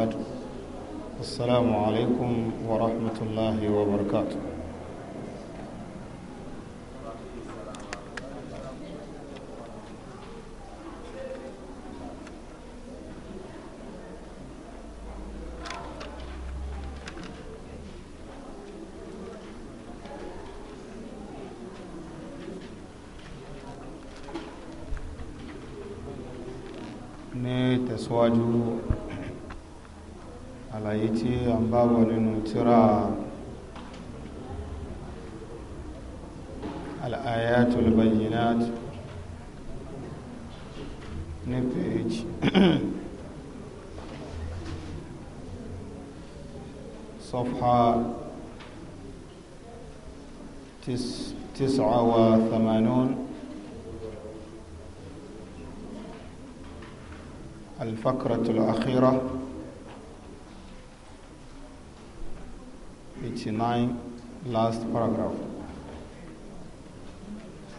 بعد السلام عليكم ورحمة الله وبركاته ní tẹ̀síwájú سورة الآيات البينات نبيج صفحة تسعة وثمانون الفقرة الأخيرة 89 last paragraph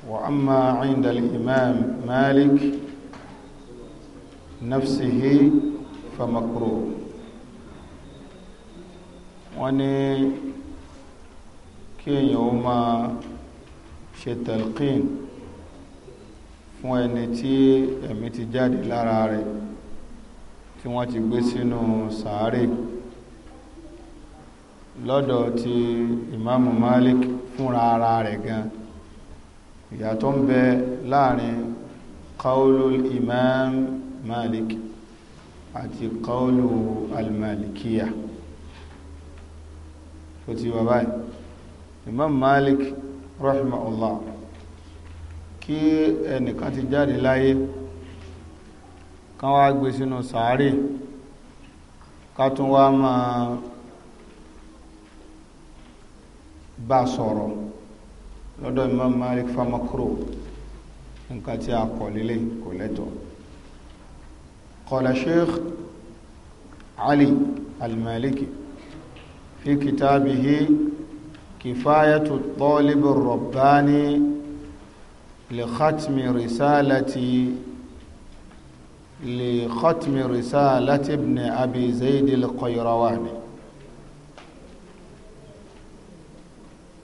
وأما عند الإمام مالك نفسه فمكروه وني كين يوم ṣètẹ̀lkín fún ẹni tí ẹ̀mí ti jáde lára rẹ̀ tí wọ́n ti gbé sínú sàárè lọ́dọ̀ ti ìmáàmù Malik fúnra ara rẹ̀ gan ìyàtọ̀ ń bẹ láàrin qawlu imam Malik àti qawlu almalikiya tó ti wà báyìí imam Malik rahimahullah kí ẹnìkan ti jáde láyé kan wá gbé sínú sàárè ká tún wá máa bá sọ̀rọ̀ lọ́dọ̀ Imam Malik famakro nǹkan tí a kọ̀ lílé kò lẹ́tọ̀ qala Sheikh Ali al-Maliki fi kitabihi kifayatu at-talib ar-rabbani li khatmi risalati li khatmi risalati ibn abi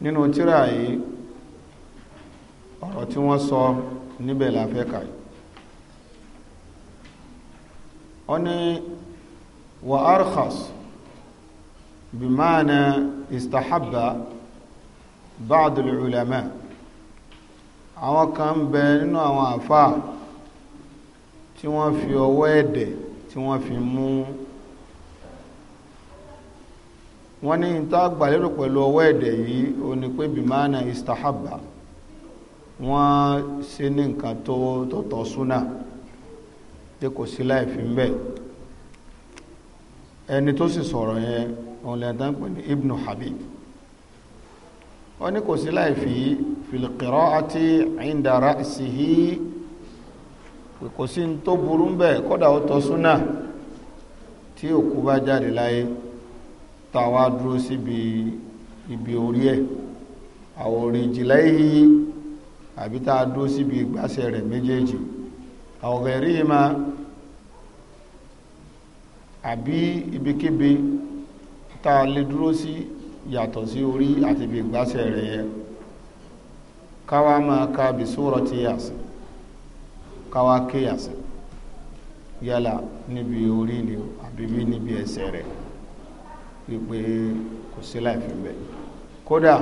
nínú tírà yìí ọ̀rọ̀ tí wọ́n sọ níbẹ̀ la fẹ́ kà yìí ó ní wa arkhas bimana istahabba ba'd al-ulama àwọn kan ń bẹ nínú àwọn àfáà tí wọ́n fi ọwọ́ ẹ̀dẹ̀ tí wọ́n fi mú wọ́n ní ìta gbàlérò pẹ̀lú ọwọ́ ẹ̀dẹ̀ yìí o ní pé bimana istahaba wọ́n ṣe ní nǹkan tó tọ̀tọ̀ súnà tí kò sí láìfi ń bẹ̀ ẹni tó sì sọ̀rọ̀ yẹn òun lẹ́ta ń pè ní ibnu habib wọ́n ní kò sí láìfi filikirọ́ àti indara ìsìhí kò sí tó burú ń bẹ̀ kódà ó tọ́ súnà tí òkú bá jáde láyé tàwa dúró síbi ibi orí ẹ̀ àwòrán ìjìlẹ̀ yìí àbí tá a dúró síbi ìgbàsẹ̀ rẹ̀ méjèèjì àwòrán ẹ̀rí máa àbí ibikíbi tá a lè dúró sí yàtọ̀ sí orí àti ibi ìgbàsẹ̀ rẹ̀ yẹ káwa máa ka bisúrọ̀ ti yàsìn káwa ké yàsìn yálà níbi orí ni àbí níbi ẹsẹ̀ rẹ̀ wípé kò sí láìfí ń bẹ̀ kódà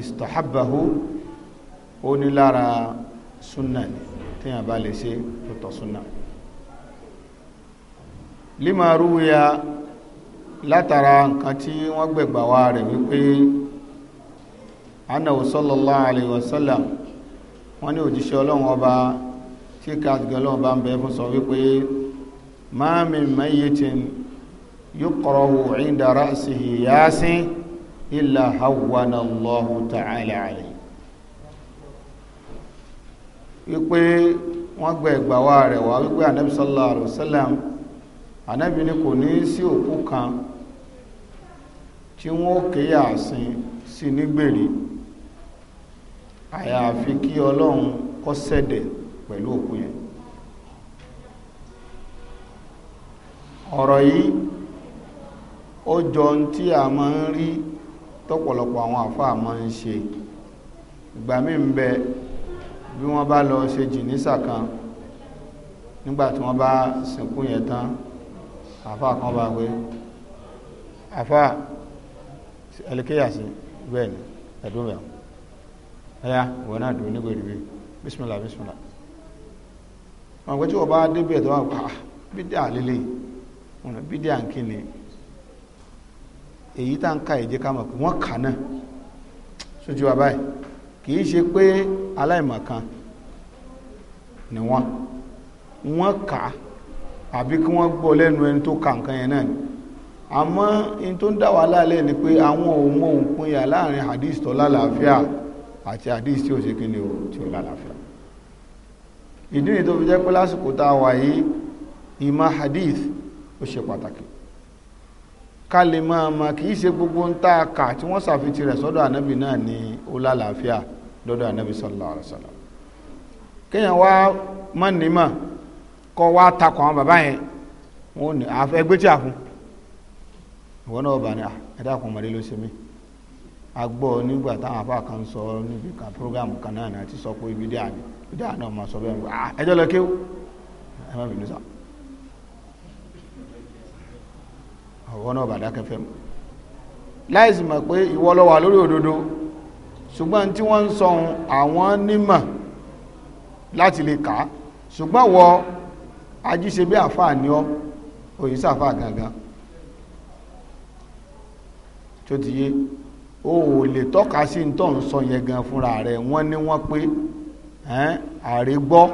istahabahu ó ní lára súnà ni tíyàn bá lè ṣe tó súnà lima rúwìyà látara nǹkan tí wọ́n gbẹ̀gbà wá rẹ̀ wípé anna alaihi wọ́n ní òjíṣẹ́ ọlọ́run ọba tí bá ń bẹ fún sọ wípé ma يقرأ عند رأسه ياسين إلا هون الله تعالى عليه wípé wọ́n gba ìgbàwá rẹ̀ wá wípé anabi sallallahu alayhi wa anabi kò ní sí òkú kan tí wọ́n ké yàsín sí nígbèrè àyàfi kí ọlọ́run kó sẹ̀dẹ̀ pẹ̀lú òkú yẹn ó jọ ohun tí a máa ń rí tọ́pọ̀lọpọ̀ àwọn àfáà máa ń ṣe ìgbà míì ń bẹ bí wọ́n bá lọ ṣe jìnísà kan nígbà tí wọ́n bá sìnkú yẹn tán àfáà kan bá wé àfáà ẹlẹ́kẹ́yàsí bẹ́ẹ̀ ni ẹ̀dùn mẹ́rin ẹ̀yà ìwọ̀n náà dùn nígbèrè rí bísmìlà bísmìlà wọn pẹ́ tí wọ́n bá débẹ̀ tó wà pàá ah, bídíà lélẹ̀ bídíà ń kí ni èyí tá ń ka ìjẹ́ ká mọ̀ pé wọ́n kà náà sójú wa báyìí kì í ṣe pé aláìmọ̀kan ni wọ́n wọ́n kà á àbí kí wọ́n gbọ́ lẹ́nu ẹni tó ka nǹkan yẹn náà ni àmọ́ in tó ń dá wa láàlẹ́ ni pé àwọn òmò òpinya láàrin hadith tó lálàáfíà àti hadith tí ó ṣe kí ni ó tí ó lálàáfíà ìdí ni tó fi jẹ́ pé lásìkò tá a wà yìí ìmọ̀ hadith ó ṣe pàtàkì ká lè máa ma kì í ṣe gbogbo ń tá a kà tí wọ́n ṣàfihàn rẹ̀ sọ́dọ̀ ànábì náà ní ó lálàáfíà lọ́dọ̀ ànábì sallallahu alaihi wasallam kéèyàn wá mọ́ nímọ̀ kọ́ wá takọ̀ àwọn bàbá yẹn wọn ò ní ẹgbẹ́ tí a fún ìwọ náà bá ní ah, ẹ̀dá àkùnmọ̀dé ló ṣe mí a gbọ́ nígbà táwọn afá kan sọ níbi kan program kan náà àti sọ pé ibi dáa ni ibi sọ bẹ́ẹ̀ ah, ẹjọ́ lọ kéwù ẹ má bínú sáà ọ̀rọ̀ náà bàdá kẹfẹ́ mu láìsí mọ̀ pé ìwọ ló wà lórí òdodo ṣùgbọ́n tí wọ́n ń sọ àwọn nímọ̀ láti lè kà á ṣùgbọ́n wọ ajíṣe bí àfáà ní ọ òyìn sàfáà gangan tó ti yé o ò lè tọ́ka sí ní tọ́ ń sọ yẹn gan fúnra rẹ̀ wọ́n ní wọ́n pé àrégbọ́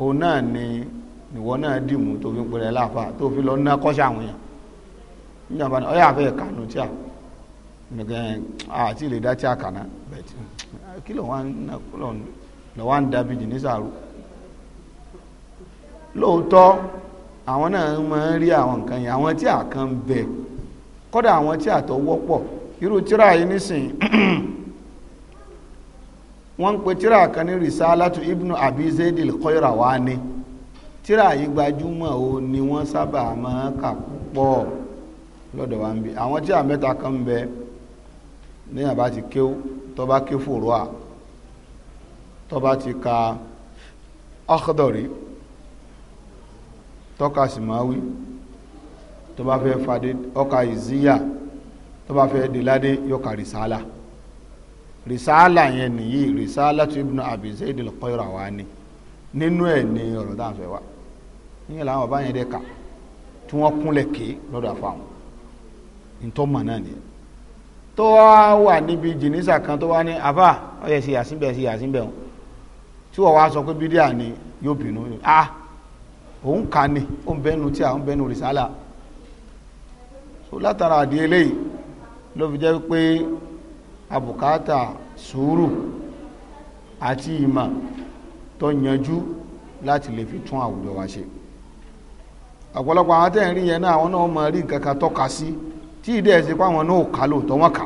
òun náà ni ìwọ náà dìmú tó fi ń pẹ̀lẹ́ láàfáà tó fi lọ ná kọ́ṣà àwọn èèyàn níjàmbá ni ọyá àfẹ́ kànú tí a nìkan àti ilé dá tí a kàná bẹ̀tì kí ló na ń lọ wá ń dábì jì ní sàrú lóòótọ́ àwọn náà máa ń rí àwọn nǹkan yẹn àwọn tí a kan bẹ̀ kódà àwọn tí a tọ́ irú tíra yìí nísìnyí wọ́n ń pe tíra kan ní risalatu ibnu abi zaydil Qayrawani tíra yìí gbajúmọ̀ o ni wọ́n sábà máa kà púpọ̀ lọ́dọ̀ wa ń bí àwọn tí àmẹ́ta kan ń bẹ ní àbá ti kéw tó ké fòrò à tó ti ka akhdari tó ka simawi tó bá fẹ́ fadé ọkà ìzíyà tó bá fẹ́ déládé yóò ka rìsálà rìsálà yẹn nìyí rìsálà tó ibnu Abi Zayd al-Qayrawani nínú ẹ̀ ní ọ̀rọ̀ dáhùn fẹ́ wa níyẹn làwọn ọba yẹn dẹ́ tí wọ́n kúnlẹ̀ ké lọ́dọ̀ àfọ ntọ́mọ̀ náà ni tó wá wà níbi jìnnìsà kan tó wá ní àbá ọyẹ sí yàsínbẹ̀ sí yàsínbẹ̀ o tí wọ́n wá sọ pé bídíà ni yóò bínú a ah, òun kà ní ó ń bẹnu tí a ń bẹnu rìsálà so látara àdí eléyìí ló fi jẹ́ pé àbùkátà sùúrù àti ìmọ̀ tó yanjú láti lè fi tún àwùjọ wa ṣe ọ̀pọ̀lọpọ̀ àwọn tẹ̀ yẹn náà àwọn náà mọ̀ rí nǹkan kan tọ́ka sí. Si tí ìdí ẹ̀ sí pé àwọn náà kà lóòótọ́ wọn kà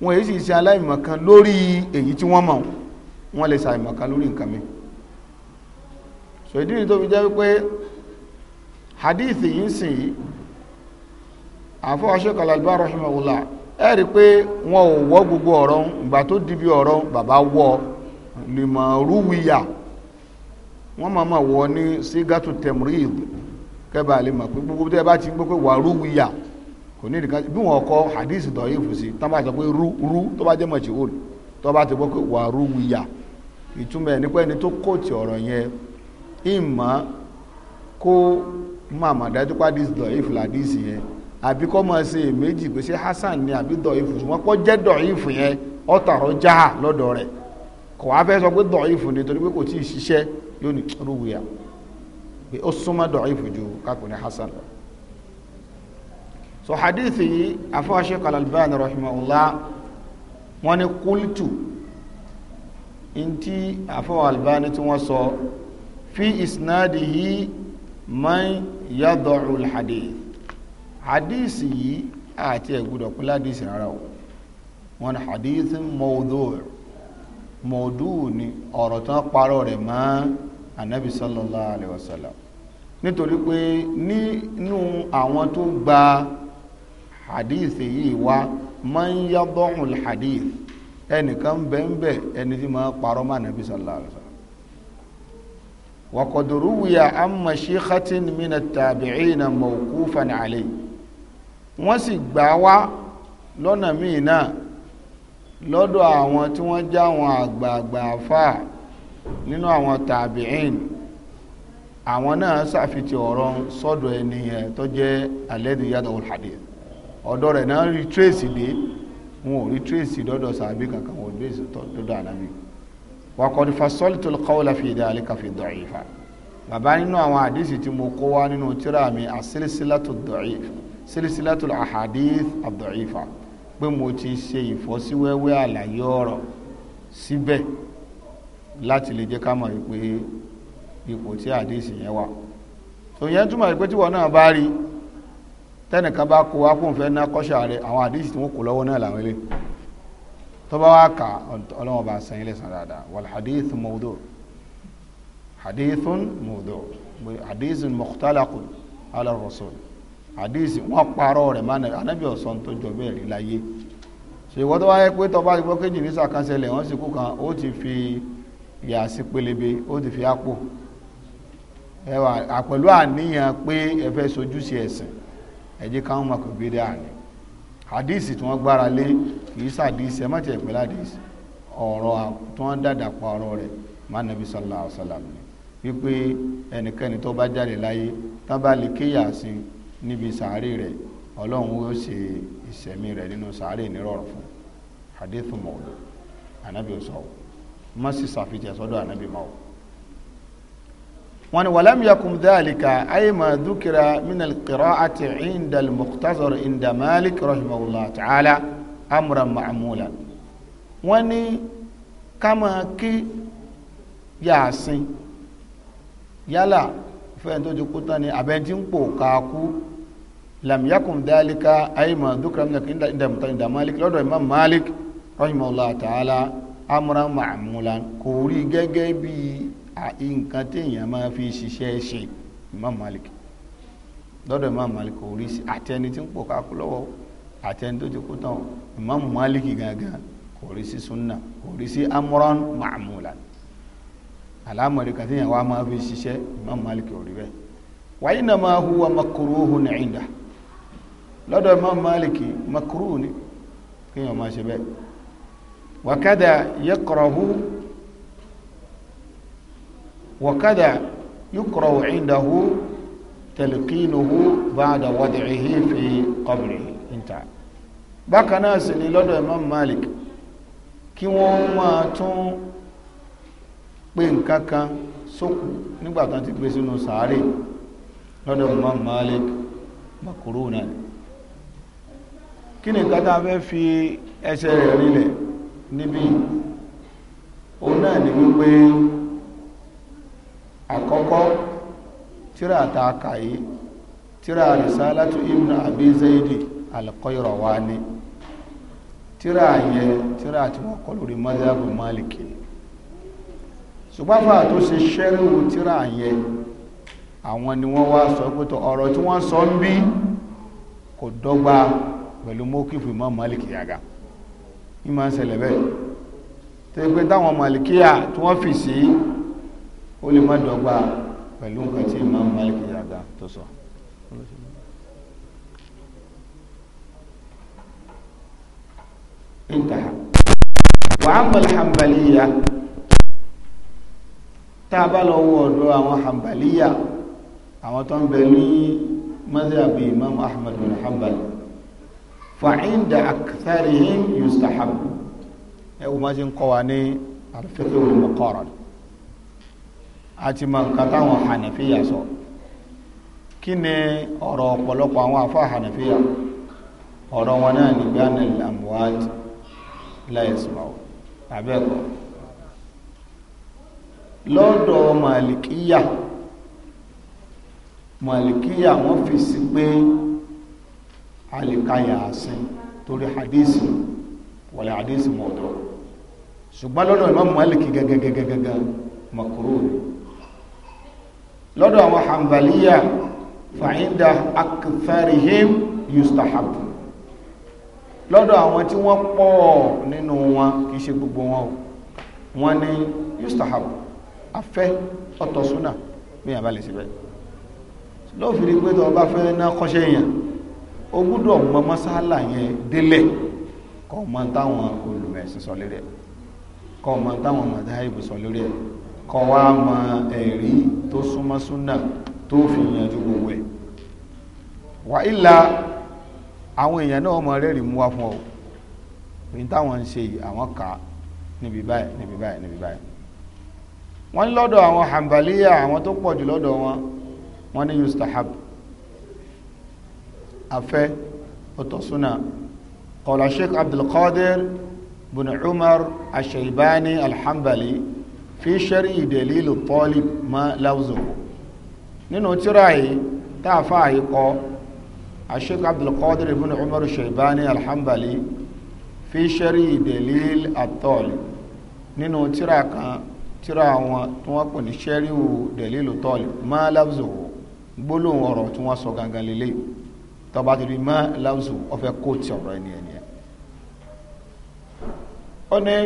wọn èyí sì ṣe aláìmọ̀kan lórí èyí tí wọ́n mọ̀ wọn lè ṣàìmọ̀kan lórí nǹkan mi sọ ìdí ni tó fi jẹ́ wípé hadith yìí ń sìn yìí àfọ́ aṣọ́kọ̀lá ìbá rahimahullah ẹ rí i pé wọn ò wọ́ gbogbo ọ̀rọ̀ ìgbà tó di bí ọ̀rọ̀ bàbá wọ lèmọ̀ rúwìyà wọ́n máa máa wọ ní sígátù tẹ̀mùrìd kẹ́bà lè mọ̀ pé gbogbo tẹ́ bá ti gbọ́ pé wà rúwìyà kò ní ìdíkan bí wọn kọ hadith dọ̀yìfù sí tán bá sọ pé rú rú tó bá jẹ́ mọ̀jì òòlù tó bá ti gbọ́ pé wà rú wuyà ìtumọ̀ ẹ̀ nípa ẹni tó kóòtì ọ̀rọ̀ yẹn ìmọ̀ kó màmá dájú pé yẹn àbí kọ́ máa ṣe èméjì pé ṣé hasan ni àbí dọ̀yìfù ṣùgbọ́n kọ́ jẹ́ dọ̀yìfù yẹn ọ̀tàrọ̀ já lọ́dọ̀ rẹ̀ ni torí pé kò ṣiṣẹ́ yóò ní ju kákùnrin hasan so hadithi yìí afọ́ṣe kalalbani rahimahullah wọ́n ní kultu ntí afọ́ albani tí wọ́n sọ fi isnadihi man yadọ̀rù hadith hadisi yìí àti ẹ̀gúdọ̀ kúlá hadisi rárá o wọ́n ní hadith mawdu' mawdu' ni ọ̀rọ̀ tán parọ́ rẹ̀ mọ́ anabi sallallahu alayhi wa sallam nítorí pé nínú àwọn tó gba hadith yìí wá máa ń yá bọ́ọ̀hùn hadith ẹnìkan bẹ́ẹ̀nbẹ́ ẹni tí máa parọ́ máa nàbí sallallahu alaihi wasallam wa qad ruwiya an mashikhatin min at-tabi'ina mawqufan alayhi wọ́n sì gbà wá lọ́nà míì náà lọ́dọ̀ àwọn tí wọ́n já àwọn àgbààgbà fáà nínú àwọn tàbíìn àwọn náà ṣàfitì ọ̀rọ̀ sọ́dọ̀ ẹni yẹn tó jẹ́ alẹ́dìyàdọ̀ hadith ọ̀dọ̀ rẹ̀ náà rí tírèsì dé wọn ò rí tírèsì dọ́dọ̀ sàbí kankan wọn ò rí tírèsì dọ́dọ̀ ànábì wa qad fasaltu al-qawla fi dhalika fi ad-da'ifa bàbá nínú àwọn àdìsí tí mo kó wá nínú tírà mi as-silsilatu ad-da'if silsilatu al-ahadith ad-da'ifa pé mo ti ṣe ìfọ́síwẹ́wẹ́ àlàyé ọ̀rọ̀ síbẹ̀ láti lè jẹ́ ká mọ̀ wípé ipò tí àdìsí yẹn wà tòun yẹn túmọ̀ pé tíwọ́ náà bá rí tẹ́nìkan bá kó wá kóun fẹ́ ná kọ́ṣà rẹ̀ àwọn àdíṣì tí wọ́n kó lọ́wọ́ náà làwọn ilé tó bá wá kà ọlọ́wọ́n bá sẹ́yìn lẹ́sàn dáadáa wal hadith mawdu hadithun mawdu hadithun mukhtalaqun ala rasul hadith wọ́n parọ́ rẹ̀ mánà anábì ọ̀sán tó jọ bẹ́ẹ̀ rí láyé ṣe ìwọ́n tó wáyé pé tó bá ti gbọ́ kéjì ní sàkánṣẹlẹ̀ wọ́n sì kú kan ó ti fi yà sí pélébé ó ti fi àpò ẹwà àpẹ̀lú àníyàn pé ẹ fẹ́ sojú sí ẹ̀sìn ẹ jẹ́ káwọn mọ̀ pé bídà ni hadisi tí wọ́n gbára lé kì í sàdísì ẹ má tiẹ̀ pẹ́ ládìsì ọ̀rọ̀ tí wọ́n dàdà pa ọ̀rọ̀ rẹ̀ má nàbí sallallahu alaihi wasallam ni wípé ẹnikẹ́ni tó bá jáde láyé tán bá lè kéyà sí níbi sàárè wọn ni wàlámi yakun dhalika ayé ma dúkìrà minal qira'ati indal muqtasar inda malik rahimahullah ta'ala amra ma'amula wọn ni kama kí yaasin yálà fẹ́ẹ̀ tó ti kú tán ni abẹ́ntí ń pò káàkú lam yakun dhalika ayé ma dúkìrà minal qira'ati indal muqtasar inda malik lọ́dọ̀ imam malik rahimahullah ta'ala amra ma'amula kò rí gẹ́gẹ́ nǹkan téèyàn máa fi ṣiṣẹ́ ṣe Imam Malik lọ́dọ̀ Imam Malik kò rí sí àtẹni tí ń pò káàkó lọ́wọ́ àtẹni tó ti kú tán Imam Malik gangan kò rí sí sunna kò rí sí amran ma'mulan alámọ̀rí kan téèyàn wá máa fi ṣiṣẹ́ Imam Malik kò rí bẹ́ẹ̀ wa innama huwa makruhun inda lọ́dọ̀ Imam Malik makruh ni kéèyàn máa ṣe bẹ́ẹ̀ wa kada yakrahu وكذا يكره عنده تلقينه بعد وضعه في قبره انتهى bákan náà sì ni lọ́dọ̀ Imam Malik kí wọ́n máa tún pé nǹkan kan sókù nígbà tán ti gbé sínú sàárè lọ́dọ̀ Imam Malik makuru náà kí ni nǹkan tá a fẹ́ fi ẹsẹ̀ rẹ̀ rinlẹ̀ níbi òun náà ni wípé àkọ́kọ́ tíra àtàkà yìí tíra risalatu ibn abi zaidi al-Qayrawani tíra yẹ tíra tí wọ́n kọ lórí madhabu maliki ṣùgbọ́n tó ṣe ṣẹ́rìwò tíra yẹ àwọn ni wọ́n wá sọ pé ọ̀rọ̀ tí wọ́n sọ ń bí kò dọ́gba pẹ̀lú mọ́kífù mọ́ maliki yaga ní máa ń ṣẹlẹ̀ bẹ́ẹ̀ tó táwọn malikiya tí wọ́n fi sí ó lè má dọ́gba pẹ̀lú nǹkan tí Imam Malik yàgá tó sọ intaha wa amal hanbaliya tá a bá lọ wọ ọ̀dọ̀ àwọn hanbaliya àwọn tó ń bẹ ní mazhabi Imam Ahmad bin Hanbal fa inda aktharihim yustahab ẹ wọ́n ma ṣe ń kọ́ wa ní al-fiqh wal àti mọ nǹkan táwọn hànàfíyà sọ kí ni ọ̀rọ̀ ọ̀pọ̀lọpọ̀ àwọn àfáà hànàfíyà ọ̀rọ̀ wọn náà ní gbanil amwat la yasma'u àbẹ́ẹ̀kọ́ lọ́dọ̀ màlìkíyà màlìkíyà wọ́n fi sí pé alìkáyà àsìn torí hadisi wàlẹ̀ hadisi mọ̀ọ́dọ̀ ṣùgbọ́n lọ́dọ̀ Imam Màlìkí gẹ́gẹ́gẹ́gẹ́gẹ́ makruh lọ́dọ̀ àwọn hanbaliya fàyíndà akfarihim yustahab lọ́dọ̀ àwọn tí wọ́n pọ̀ nínú wọn kì í ṣe gbogbo wọn wọn ni yustahab afẹ́ ọ̀tọ̀ súnà bí yàn bá lè síbẹ̀ lófin pé tó fẹ́ ná kọ́ṣẹ́ yẹn ó gbúdọ̀ mọ mọ́sálà yẹn délẹ̀ kọ́ mọ táwọn olùmẹ̀sìn sọ lórí ẹ̀ kọ́ mọ táwọn mọ̀dáìbù sọ lórí ẹ̀ kọ́ wá mọ ẹ̀rí tó súnmọ́ súnà tó fi yanjú gbogbo ẹ̀ wà ìlà àwọn èèyàn náà mọ rẹ́rìí mú wá fún ọ pé táwọn ń ṣe yìí àwọn kà á níbi báyìí níbi báyìí níbi báyìí wọ́n ní lọ́dọ̀ àwọn hàǹbàlíyà àwọn tó pọ̀ jù lọ́dọ̀ wọn wọ́n ní yustahab afẹ́ ọ̀tọ̀súnà qala abdulkadir bin umar ashaibani alhambali fi ṣẹ́rí ìdẹ̀lílù tọ́lì mọ́ láwùzọ̀kọ̀ nínú tíra yìí táàfà yìí kọ́ aṣíkà abdulkadir ibn umar shaibani alhambali fi ṣẹ́rí ìdẹ̀lílù àtọ́lì nínú tíra kan tíra wọn tí wọ́n pè ní ṣẹ́rí ìdẹ̀lílù tọ́lì mọ́ láwùzọ̀kọ̀ gbólóhùn ọ̀rọ̀ tí wọ́n sọ gangan lélẹ̀ tọba tó di mọ́ láwùzọ̀ ọ̀fẹ́ kóòtì ọ̀rọ̀ ẹ̀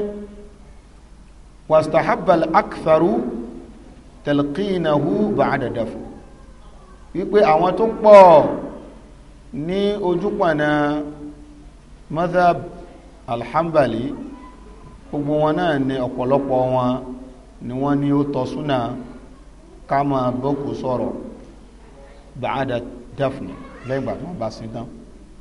wàstàhábàl akfaru tẹ̀lkínahu bàdàdàfù wípé àwọn tó pọ̀ ní ojúpọ̀nà madhab alhambali gbogbo wọn náà ni ọ̀pọ̀lọpọ̀ wọn ni wọ́n ní ó tọ́ súnà ká máa bọ́kù sọ̀rọ̀ bàádà dáfnì lẹ́yìn ìgbà tó wọ́n bá sin tán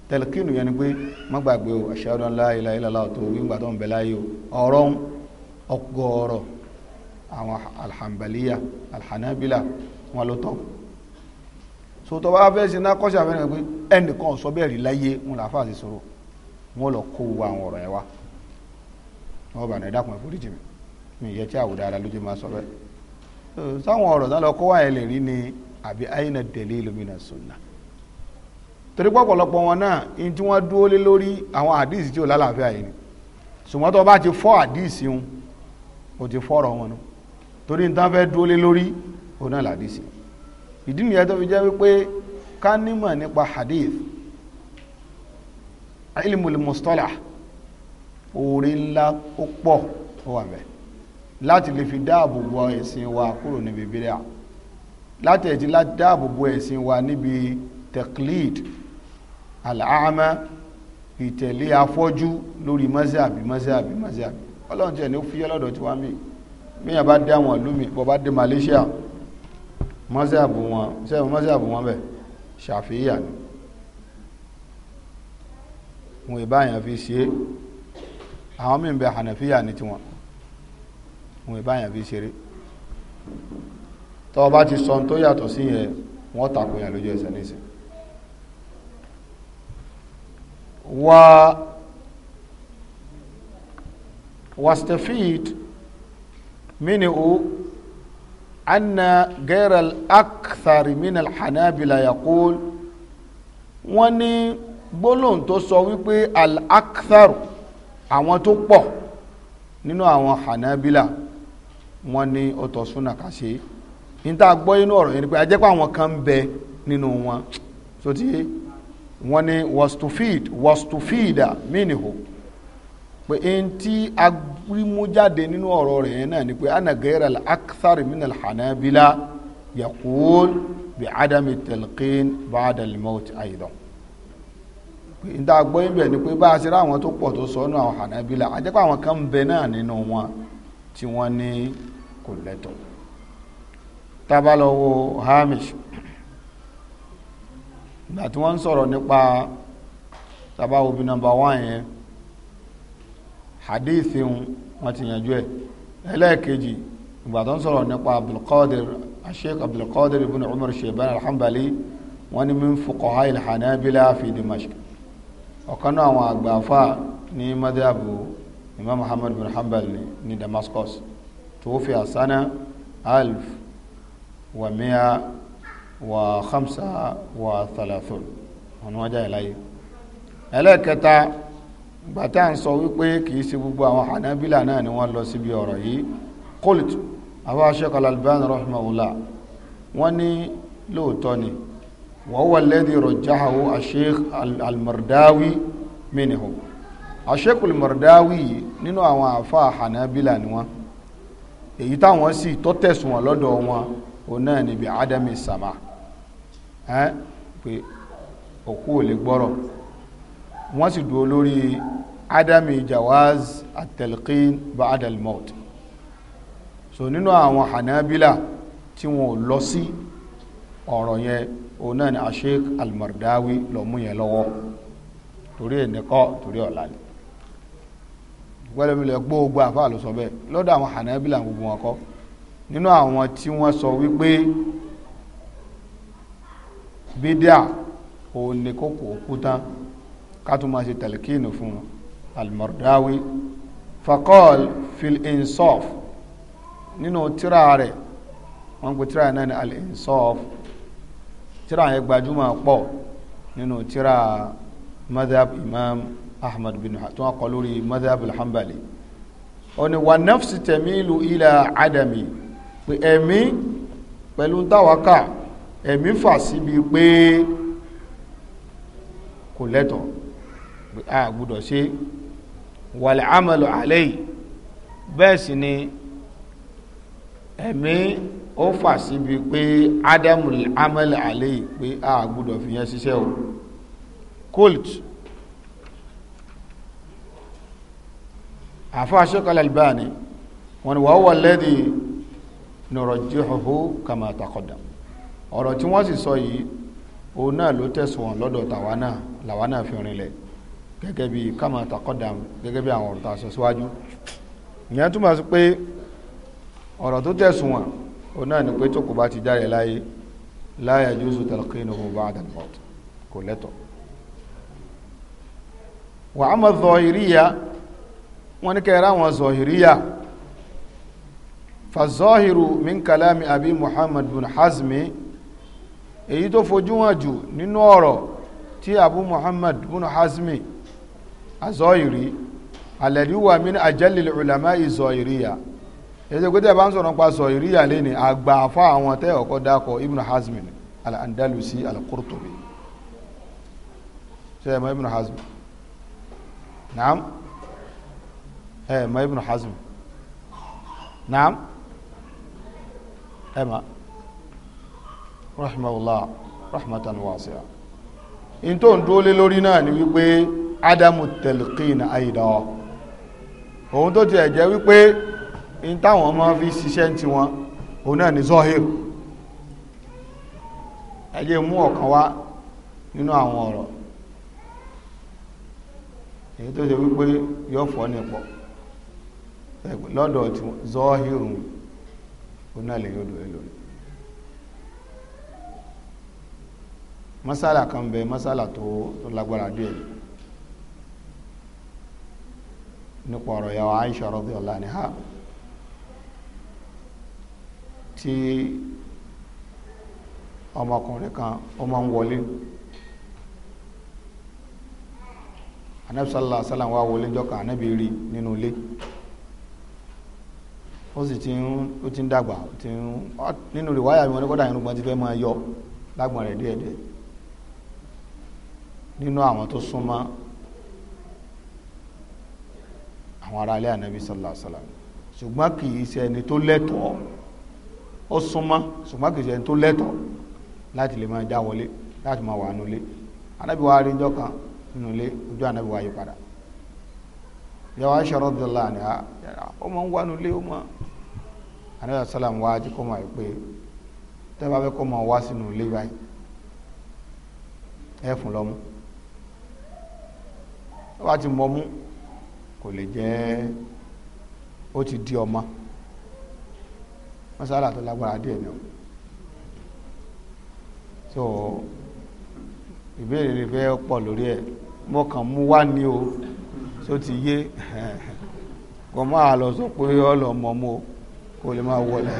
tẹ̀lkínu yẹn ni pé má o ashhadu an la ilaha illallah tó tó ń bẹ láyé o ọ̀rọ̀ ọgọ́rọ̀ àwọn alhambaliya alhanabila wọn ló tọ́ so tó bá fẹ́ ṣe náà kọ́ṣẹ́ àfẹ́rẹ́ pé ẹnìkan sọ bẹ́ẹ̀ rí láyé wọn làá fàṣẹ sọ̀rọ̀ wọn lọ kó wa àwọn ọ̀rọ̀ ẹ̀ wá wọn bá nàìjíríà kún ìforíjì mi mi ìyẹn tí àwòdà ara lójú máa sọ bẹ́ẹ̀ sáwọn ọ̀rọ̀ náà lọ kó wá yẹn lè rí ni àbí àyìnà tẹ̀lé ìlúmínà sọ̀nà torí pọ̀pọ̀lọpọ̀ wọn náà in tí wọ́n dúró lé lórí àwọn àdìsí tí ò lálàáfíà yìí ni ṣùgbọ́n tó bá ti fọ́ àdìsí wọn o ti fọ́rọ̀ wọn nu torí nǹkan fẹ́ dúró lé lórí òun náà làdísì ìdí nìyẹn tó fi jẹ́ wípé ká nímọ̀ nípa hadith ilmul mustalah orí ńlá ó pọ̀ ó wà bẹ́ẹ̀ láti lè fi dáàbò bo ẹ̀sìn wa kúrò níbi bíríà láti ẹ̀tí láti dáàbò bo ẹ̀sìn wa níbi taqlid al ìtẹ̀lé afọ́jú lórí mazhabi mazhabi mazhabi ọlọ́run tiẹ̀ ní ó fiyẹ́ lọ́dọ̀ tí wọ́n mí bíyàn bá dé àwọn ìlú mi bọ́ dé Malaysia mọ́sàbù wọn sẹ́wọ̀n mọ́sàbù wọn bẹ̀ ṣàfihàn ni wọn ì báyàn fi ṣe é àwọn míì bẹ hànàfíyà ní tiwọn wọn ì báyàn fi ṣeré tọ́ bá ti sọ tó yàtọ̀ sí yẹn wọ́n tako yàn lójú ẹsẹ̀ nísìn واستفيد منه أن غير الأكثر من الحنابلة يقول وني ní gbólóhùn tó sọ wípé al-akthar àwọn tó pọ̀ nínú àwọn hanabila wọ́n ní ọ̀tọ̀ súnà kàṣe níta gbọ́ inú ọ̀rọ̀ yẹn ni pé a pé àwọn kan ń bẹ nínú wọn so tí wọ́n ní wastufid wastufida minihu pé ẹni tí agbímújáde nínú ọ̀rọ̀ rẹ̀ yẹn náà ni pé anagẹ́rẹ́ al-akthar min al-hanabila yaqul bi adami talqin ba'da al-maut aidan ìdá àgbọ́ ibẹ̀ ni pé bá a ṣe rá àwọn tó pọ̀ tó sọ́nù àwọn hanabila a jẹ́ pé àwọn kan bẹ náà nínú wọn tí wọ́n ní kò lẹ́tọ̀ tábàlọ́wọ́ hamish ìgbà wọ́n ń sọ̀rọ̀ nípa tabawo bí nọmba wán yẹn hadithi wọn ti yànjú ẹ̀ ẹlẹ́ẹ̀kejì ìgbà tó ń sọ̀rọ̀ nípa abdulkadir asheik abdulkadir ibn umar shebana alhambali wọn ni min fuqaha alhanabila fi dimashq ọ̀kan náà àwọn àgbàfà ní madhabu imam muhammad bin hanbal ní damascus tó fi àsánà alf wa miya wa khamsa wa thalathun wọn wájà ìláyé ẹlẹ́ẹ̀kẹta gbàtà ń sọ wípé kìí ṣe gbogbo àwọn hanabila náà ni wọ́n lọ síbi ọ̀rọ̀ yìí colt àwọn Sheikh Al-Albani rahimahullah wọ́n ní lóòótọ́ ni wọ́n wà lẹ́dí rọjáhàwó Sheikh Al-Mardawi minhum Sheikh Al-Mardawi nínú àwọn àfa hanabila ni wọ́n èyí táwọn sì tọ́tẹ̀sùn wọn lọ́dọ̀ wọn òun náà níbi adami sama ẹ́ pé òkú ò lè gbọ́rọ̀ wọ́n sì dúró lórí adami jawaz at-talqin ba'da al-maut so nínú àwọn hanabila tí wọn ò lọ sí ọ̀rọ̀ yẹn òun náà ni asheik al-mardawi lọ mú yẹn lọ́wọ́ torí ẹnìkọ́ torí ọ̀la ni gbẹ́lẹ́mílẹ̀ gbogbo àfáà ló sọ bẹ́ẹ̀ lọ́dọ̀ àwọn hanabila gbogbo wọn kọ́ nínú àwọn tí wọ́n sọ wípé bídíà òun ni kókò kú tán ká tún máa ṣe talqin fún wọn al-Mardawi faqal fil insaf nínú tíra rẹ̀ wọ́n pe tíra náà ní al-insaf tíra yẹn gbajúmọ̀ pọ̀ nínú tíra madhab imam ahmad bin tó wọ́n kọ lórí madhab al-hanbali wa nafsi tamilu ila adami pé ẹ̀mí pẹ̀lú táwákà ẹ̀mí fà síbi pé kò lẹ́tọ̀ọ́ a gbọ́dọ̀ ṣe wàlẹ̀ amẹ́lò àlẹ́ yìí bẹ́ẹ̀ sì ni ẹ̀mí ó fà síbi pé ádámù amẹ́lò àlẹ́ yìí pé a gbọ́dọ̀ fi yẹn ṣiṣẹ́ o colt àfọ́ aṣọ́kọ̀lẹ̀ albani wọn wà wà lẹ́dí nurajjihuhu kama taqaddam ọ̀rọ̀ tí wọ́n sì sọ yìí òun náà ló tẹ̀sùn lọ́dọ̀ tàwa náà làwa náà fi rinlẹ̀ gẹ́gẹ́ bí kama takọ́dàm gẹ́gẹ́ bí àwọn ọ̀rọ̀ tá a sọ síwájú ìyẹn túmọ̀ sí pé ọ̀rọ̀ tó tẹ̀sùn wọn òun náà ni pé tó kò bá ti jáde láyé la yajuzu talqinuhu ba'da al-mawt kò lẹ́tọ̀ wa amma zọ̀hìríyà wọ́n ní kẹ́ra wọn zọ̀hìríyà fazọ́hìrù min kalami abi muhammad bin hazmi èyí tó fojú wọn jù nínú ọ̀rọ̀ tí abu muhammad bin hazmi azọ́ìrí alẹ́díwà min ajalil ulama ìzọ̀ìríyà ẹ̀sẹ̀ pé tẹ́ bá ń sọ̀rọ̀ pa zọ̀ìríyà lẹ́ni àgbà fún àwọn tẹ́ ọ̀kọ́ dákọ̀ ibn hazmin al-andalusi al-qurtubi ṣe ẹ̀mọ́ ibn hazm naam ẹ̀mọ́ ibn hazm naam ẹ̀mọ́ rahimahullah rahmatan wasi'a in tó ń dúó lé lórí náà ni wípé adamu telqin aidan òun tó ti ẹ̀jẹ̀ wípé in táwọn máa fi ṣiṣẹ́ ti wọn òun náà ni zohir ẹjẹ́ mú ọ̀kan wá nínú àwọn ọ̀rọ̀ èyí tó ṣe wípé yóò fọ́ nípọ̀ tí zohir òun náà lè yóò dòwe lórí masala kan bẹ masala tó lágbára díẹ̀ yìí nípa ọ̀rọ̀ yàwó Aisha radiyallahu anha tí ọmọkùnrin kan ó máa ń wọlé anabi sallallahu alaihi wasallam wá wọlé jọkàn anabi rí nínú ilé ó sì ti ń ó ti ń dàgbà ti ń nínú rìwáyà mi wọn ní kọ́dà irùngbọ̀n ti fẹ́ máa yọ lágbọ̀n rẹ̀ díẹ̀díẹ̀ nínú àwọn tó súnmọ́ àwọn ará ilé ànábì sallallahu alaihi wasallam ṣùgbọ́n kì í ṣe ẹni tó lẹ́tọ̀ọ́ ó súnmọ́ ṣùgbọ́n kì í ṣe ẹni tó lẹ́tọ̀ọ́ láti lè máa já wọlé láti máa wà nulẹ̀ ànábì wa rí ọjọ́ kan nínú ilé ojú ànábì wa yí padà yàwó aṣọ radiyallahu anha ó máa ń wà nulẹ̀ ó máa ànábì sallam wá jí kó máa pé tẹ́ bá fẹ́ kó máa wá sínú ilé báyìí ẹ̀ fún lọ́mú wọ́n ti mọ̀ mú kò lè jẹ́ ó ti di ọmọ masala tó lágbára díẹ̀ ni o so ìbéèrè rẹ fẹ́ pọ̀ lórí ẹ̀ mo kàn mú wá ní o tó ti yé kò máa lọ sọ pé ọ lọ mọ mọ ma lè máa wọlé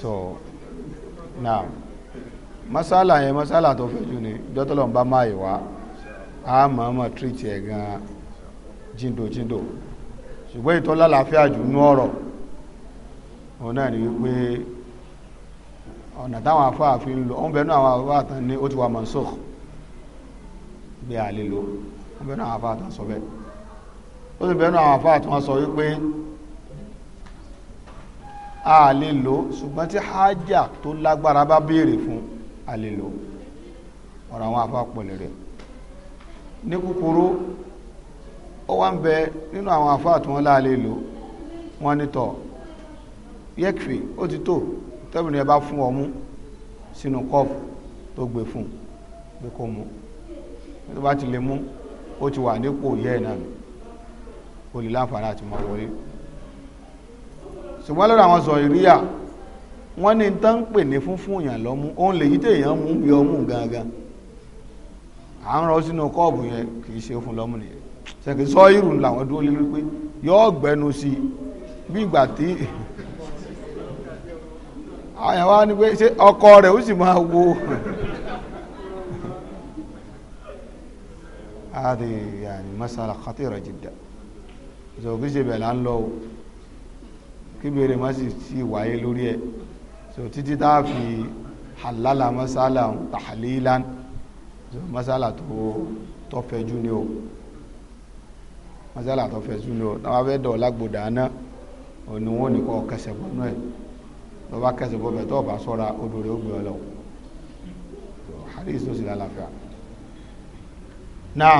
so now masala yẹn masala tó fẹ́ jù ni jọ́tọ̀lọ́ ń bá máa yìí wá. a máa máa tírìtì ẹ̀ gan jíndòjíndò ṣùgbọ́n ìtọ́lá làáfíà jù nú ọ̀rọ̀ òun náà ni wípé ọ̀nà táwọn afáà fi ń lò ọ̀n bẹ̀rẹ̀ àwọn afáà tán ní ó ti wà mansukh a lè lò ọ̀n bẹ̀rẹ̀ àwọn afáà tán sọ bẹ́ẹ̀ ó sì bẹ̀rẹ̀ àwọn afáà tán sọ wípé a lè lò ṣùgbọ́n tí hájà tó lágbára bá béèrè fún a lè lò ọ̀rọ̀ àwọn afáà pọ̀ rẹ̀ ní kúkúrú ó wá ń bẹ nínú àwọn àfáà tí wọ́n láàlè lò wọ́n ní tọ̀ yẹ́kfì ó ti tó tẹ́bìnrin ẹ bá fún ọmú sínú kọ́ọ̀fù tó gbé fún pé kó mú tó bá ti lè mú ó ti wà nípò yẹ́ ẹ̀ náà nù kò lè láǹfààní àti máa wọlé ṣùgbọ́n lọ́dọ̀ àwọn sọ ìríyà wọ́n ní tán ń pè ní fúnfún èèyàn lọ́mú òun lèyí tèèyàn mú bí ọmú gangan à ń rọ sínú kọ́ọ̀bù yẹn kì í ṣe fún lọ́mú nìyẹn ṣèkì sọ irú làwọn dúró lé wípé yóò gbẹnu sí i bí ìgbà tí àyàn wa ni pé ṣé ọkọ rẹ̀ ó sì máa wo àti yàrá masala khatira jìdá ìṣòro kì ṣe bẹ̀ là ń lọ o kí bèrè má sì sí wáyé lórí ẹ̀ so títí tá a fi halala masala tahalilan masala tó tó fẹ̀jú ni o masala tó fẹ̀jú ni o táwọn afẹ́ dọ̀ lágbòdà aná òní wọn ní kọ́ kẹsẹ̀ bọ́ náà tó bá kẹsẹ̀ bọ́ bẹ̀ tó bá sọ́ra odò rẹ̀ ó gbé ọ lọ hadith tó sì lálàáfíà náà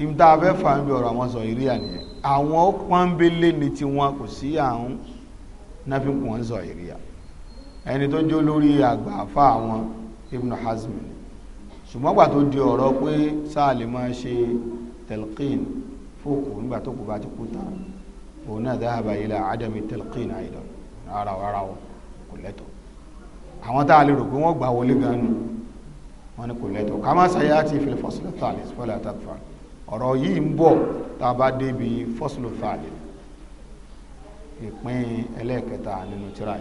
ìmúta afẹ́ fà ń bí ọ̀rọ̀ àwọn sọ ìrí àníyàn àwọn pọ́nbélé ni tiwọn kò sí àwọn náà fi kún wọn sọ ìrí à ẹni tó jó lórí àgbà àfa àwọn Ibn Hazm ṣùgbọ́n gbà tó di ọ̀rọ̀ pé sáà lè máa ṣe telqin fókù nígbà tó kù bá ti kú tán òun náà dáhàbà ila adami telqin àìdọ̀ rárá rárá o kò lẹ́tọ̀ àwọn tá a lè rò pé wọ́n gbà wọlé gan nù wọ́n ní kò lẹ́tọ̀ ká má ṣe yá ti fọ́sílẹ̀ tààlẹ̀ fọ́lẹ̀ àtàkùfà ọ̀rọ̀ yìí ń bọ̀ tá a bá débi fọ́sílẹ̀ tààlẹ̀ ìpín ẹlẹ́ẹ̀kẹta nínú tíra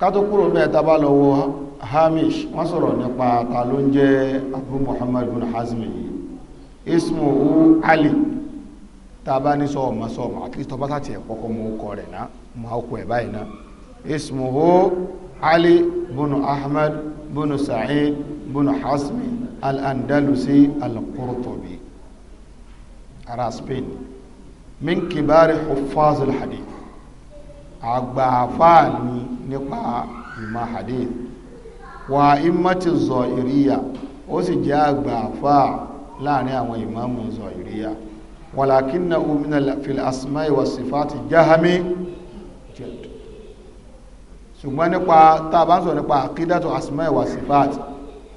kátó kúrò bẹ́ẹ̀ tá bá lọ wo hamish wọ́n sọ̀rọ̀ nípa ta ló ń jẹ́ abu muhammad bin hazmi yìí ismu ali tá a bá ní sọ ọmọ sọ ọmọ àti tọ́ba láti ẹ̀ kọ́kọ́ mú ọkọ rẹ̀ ná mú ọkọ ẹ̀ báyìí ná ismu ali bin ahmad bin sa'id bin hazmi al-andalusi ara spain min kibari hufaz al-hadith àgbà àfáà ni nípa ìmọ̀ hadith wà ìmọ̀tì zọ ìríyà ó sì jẹ́ àgbà àfáà láàrin àwọn ìmáàmù zọ ìríyà wàlákínà omina fil asma wa sifati jahami ṣùgbọ́n nípa tàbánsọ̀ nípa àkídàtọ̀ asma wa sifati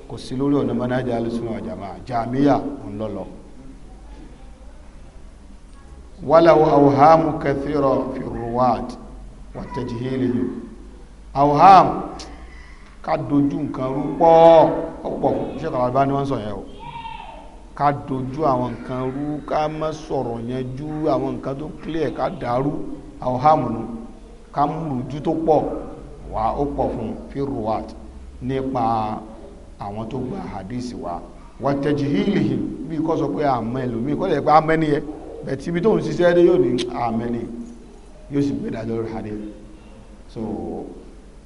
kò sí lórí ọ̀nà manájà alùsùnà àjàmà jàmíyà ńlọ́lọ́ wàláwọ̀ àwòhámù kẹfìrọ̀ fi wà tẹ̀jìhìlì yìí awham ká dojú nǹkan rú pọ̀ ọ̀pọ̀ iṣẹ́ kan bá ní wọ́n sọ yẹn o ká dojú àwọn nǹkan rú ká má sọ̀rọ̀ yẹn ju àwọn nǹkan tó clear ká dàrú awham nu ká mú rújú tó pọ̀ wá ó pọ̀ fún firuwat nípa àwọn tó gba hadisi wa wà tẹ̀jìhìlì yìí bí kò sọ pé àmọ́ ẹlòmíì kò lè pé àmọ́ ẹni yẹ bẹ̀tí ibi tó ń ṣiṣẹ́ yóò ní àmọ́ ẹni yìí يوسف بن عبد الحليم سو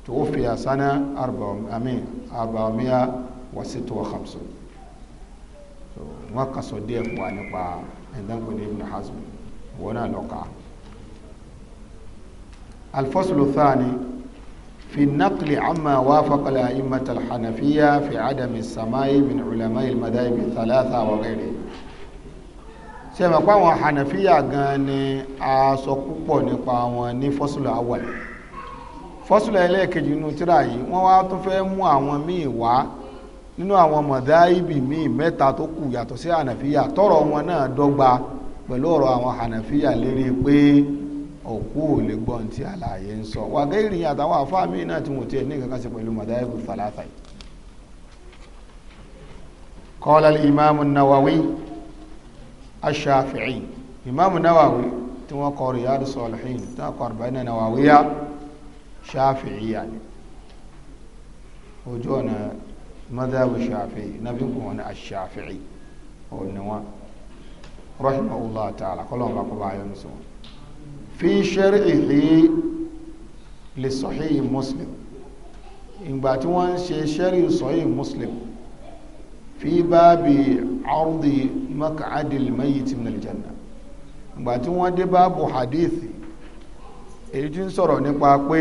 توفي سنة أربع أمين أربعمية وستة وخمسون سو ما قصد ديه وأنا با عندما كنت ابن حزم وأنا لقى الفصل الثاني في النقل عما وافق الأئمة الحنفية في عدم السماء من علماء المذاهب الثلاثة وغيرهم sẹ́mi pa àwọn hànàfíyà gan ni a sọ púpọ̀ nípa wọn ní fọ́sùlù awal fọ́sùlù ẹlẹ́ẹ̀kejì inú tíra yìí wọ́n wá tún fẹ́ mú àwọn míì wá nínú àwọn mọ̀dáìbì míì mẹ́ta tó kù yàtọ̀ sí hànàfíyà tọ́rọ̀ wọn náà dọ́gba pẹ̀lú ọ̀rọ̀ àwọn hànàfíyà lérí pé òkú ò lè gbọ́n tí àlàyé ń sọ wàgé ìrìn àtàwọn àfáà míì náà tí ti ẹ̀ ní kankan sí pẹ̀lú mọ̀dáìbì fàlàfà yìí qala al-imam an aṣáfi'í ìmáàmù náwàwí tí wọ́n kọ Riyadu Salihin tí wọ́n kọ Arba'ina Nawawiyya ṣáfi'í yàní ojú ọ̀nà madhabu ṣáfi'í nàbí kò wọn aṣáfi'í òní wọn rahimahullah ta'ala kọlọ́n bá kọ́ bá yọ ní sọ fi báàbì ardi maq'adil mayyit min al-janna ìgbà tí wọ́n dé báàbù hadith èyí tí ń sọ̀rọ̀ nípa pé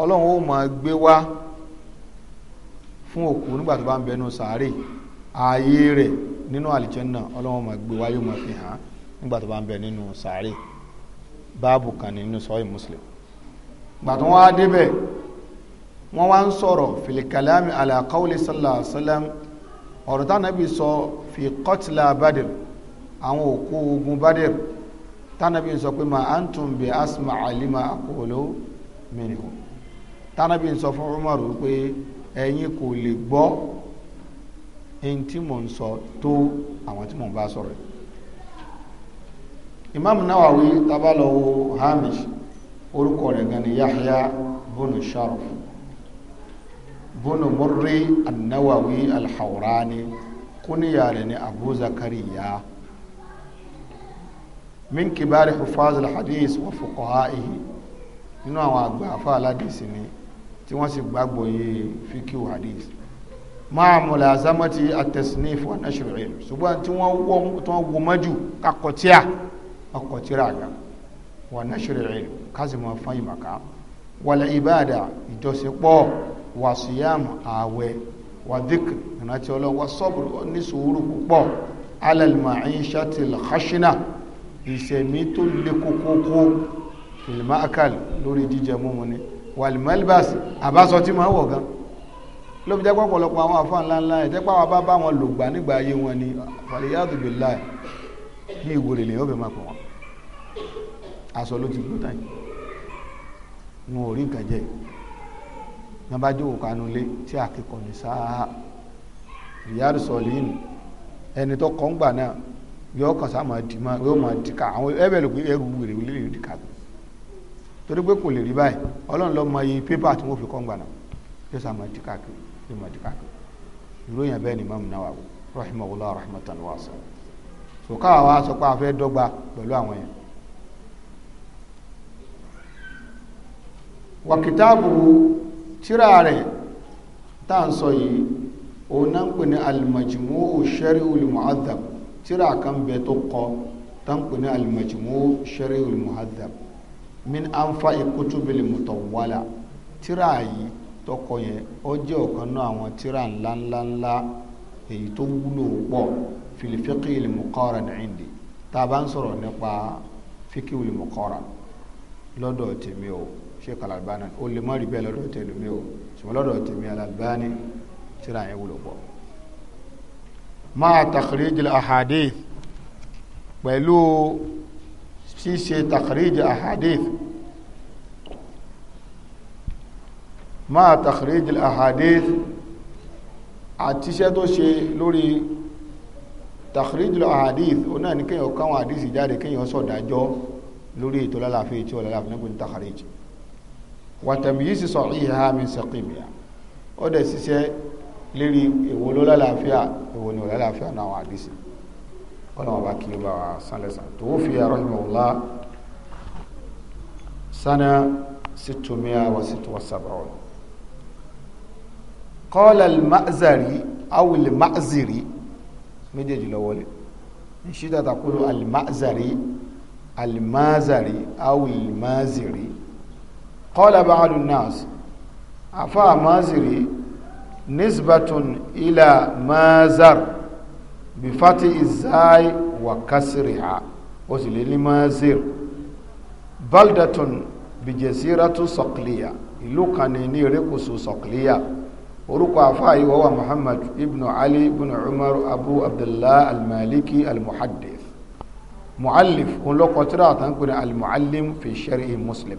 ọlọ́run ó máa gbé wá fún òkú nígbà tó bá ń bẹnu sàárè ààyè rẹ̀ nínú àlìjẹ́nà ọlọ́run máa gbé wá yóò máa fi hàn nígbà tó bá ń bẹ nínú sàárè báàbù kan nínú sọ́ọ̀yì muslim ìgbà tó wọ́n á débẹ̀ wọ́n wá ń sọ̀rọ̀ fil kalami ọ̀rọ̀ tánàbí sọ fi kọ́tìlá badir àwọn òkú ogun badir tánàbí sọ pé ma antum bi asma alima akolo mìíràn tánàbí sọ fún Umar pé ẹ̀yin kò lè gbọ́ ẹni tí mò ń sọ tó àwọn tí mò ń bá sọ̀rọ̀ Imam Nawawi tabalawo hamish orúkọ rẹ̀ gan ni Yahya bunu Sharaf bónú murri anáwàwí alhawrani kúníyà rẹ̀ ní abu zakariya min kibari hufaz alhadis wa fuqaha'ihi nínú àwọn àgbà afa aládìsí ni tí wọ́n sì gbàgbọ́ yé fíkíw hadis máa mùlázamati at-tasnif wa nashr ilm ṣùgbọ́n tí wọ́n wọ́n mọ́jú kakọtíà ọkọtíra àgbà wa nashr ilm kásìmọ̀ fún ìmọ̀ká wal ibada ìjọsìn pọ̀ wà síyàmù ààwẹ̀ wà díkì ìrántí ọlọ́run wà sọ́bùrù ní sùúrù púpọ̀ alàlmàáyíṣàtì làkàṣínà ìṣẹ̀mí tó lé kókókó ìlmáàkàlì lórí jíjẹ múmu ni wàlìmọ́lìbàs àbáṣọ tí máa ń wọ̀ gan ló fi jẹ́ pọ̀pọ̀lọpọ̀ àwọn àfáà ńláńlá ẹ̀ jẹ́pọ̀ àwọn bá bá wọn lò gbà nígbà ayé wọn ni fàlẹ́yàdù bìlá ẹ̀ bí ìwòrè lè yọ́bẹ̀ máa pọ̀ wọn aṣọ ló ti gbó tàn yìí wọn ò rí nǹkan jẹ́ yìí wọn bá jókòó kanu lé tí àkíkọ ní sáà ha, Solihin ẹni tó kọ́ ń gbà náà yọ ọkàn sáà máa máa yóò máa àwọn ẹbẹ̀ ló pé ẹrù wèrè wọlé lè dìka gbé torí pé kò lè rí báyìí ọlọ́run lọ́ọ́ iye pépà tí wọ́n fi kọ́ ń gbà náà yóò sáà máa yóò máa ìròyìn ni wa sọ pé a fẹ́ dọ́gba pẹ̀lú tíra rẹ̀ tá à ń sọ yìí òun náà ń pè ní al-majmu'u shar'ul mu'adhdhab tíra kan bẹ tó kọ tá ń pè ní al-majmu'u shar'ul mu'adhdhab min anfa'i kutubil mutawwala tíra yìí tọkọ yẹn ó jẹ́ ọ̀kan náà àwọn tíra ńláńláńlá èyí tó wúlò pọ̀ fil fiqhil muqaran tá a bá ń sọ̀rọ̀ nípa fiqhil muqaran lọ́dọ̀ tèmi o sheikh alalbani ó lè mọ́ rí bẹ́ẹ̀ lọ́dọ̀ tẹlumi o ṣùgbọ́n lọ́dọ̀ tèmi alalbani tíra yẹn wúlò pọ̀. máa takhrij ahadith pẹ̀lú ṣíṣe takhrij ahadith máa takhrij ahadith àti iṣẹ́ tó ṣe lórí takhrij ahadith ó náà ní kéèyàn káwọn àdìsí jáde kéèyàn sọ̀dájọ́ lórí ètò lálàáfíà tí ó lálàáfíà nígbà ní takhrij wàtàmíyísí sahiha min saqimiha ó dẹ̀ ṣiṣẹ́ lérí èwo ló lálàáfíà èwo ni ò lálàáfíà náà àwọn àdìsí kọ́lọ̀wọ̀n bá kí o bá wà sálẹ̀sà tó fi rahimahullah sana situmia wa situ wa sab'un qala al-ma'zari aw al-ma'ziri méjèèjì lọ wọlé ní ṣídàtà kúrò al-ma'zari al-mazari aw al qala ba'du nas afa maziri nisbatun ila mazar bi fati izai wa kasriha ó sì lè ní mazir baldatun bi jaziratu saqliya ìlú kan ní ní erékùsù saqliya orúkọ àfáà yìí wọ́wọ́ muhammad ibn ali ibn umar abu abdullah almaliki almuhaddith muallif òun lọ́kọ̀ tíra àtàkùnrin almuallim fi shar'i muslim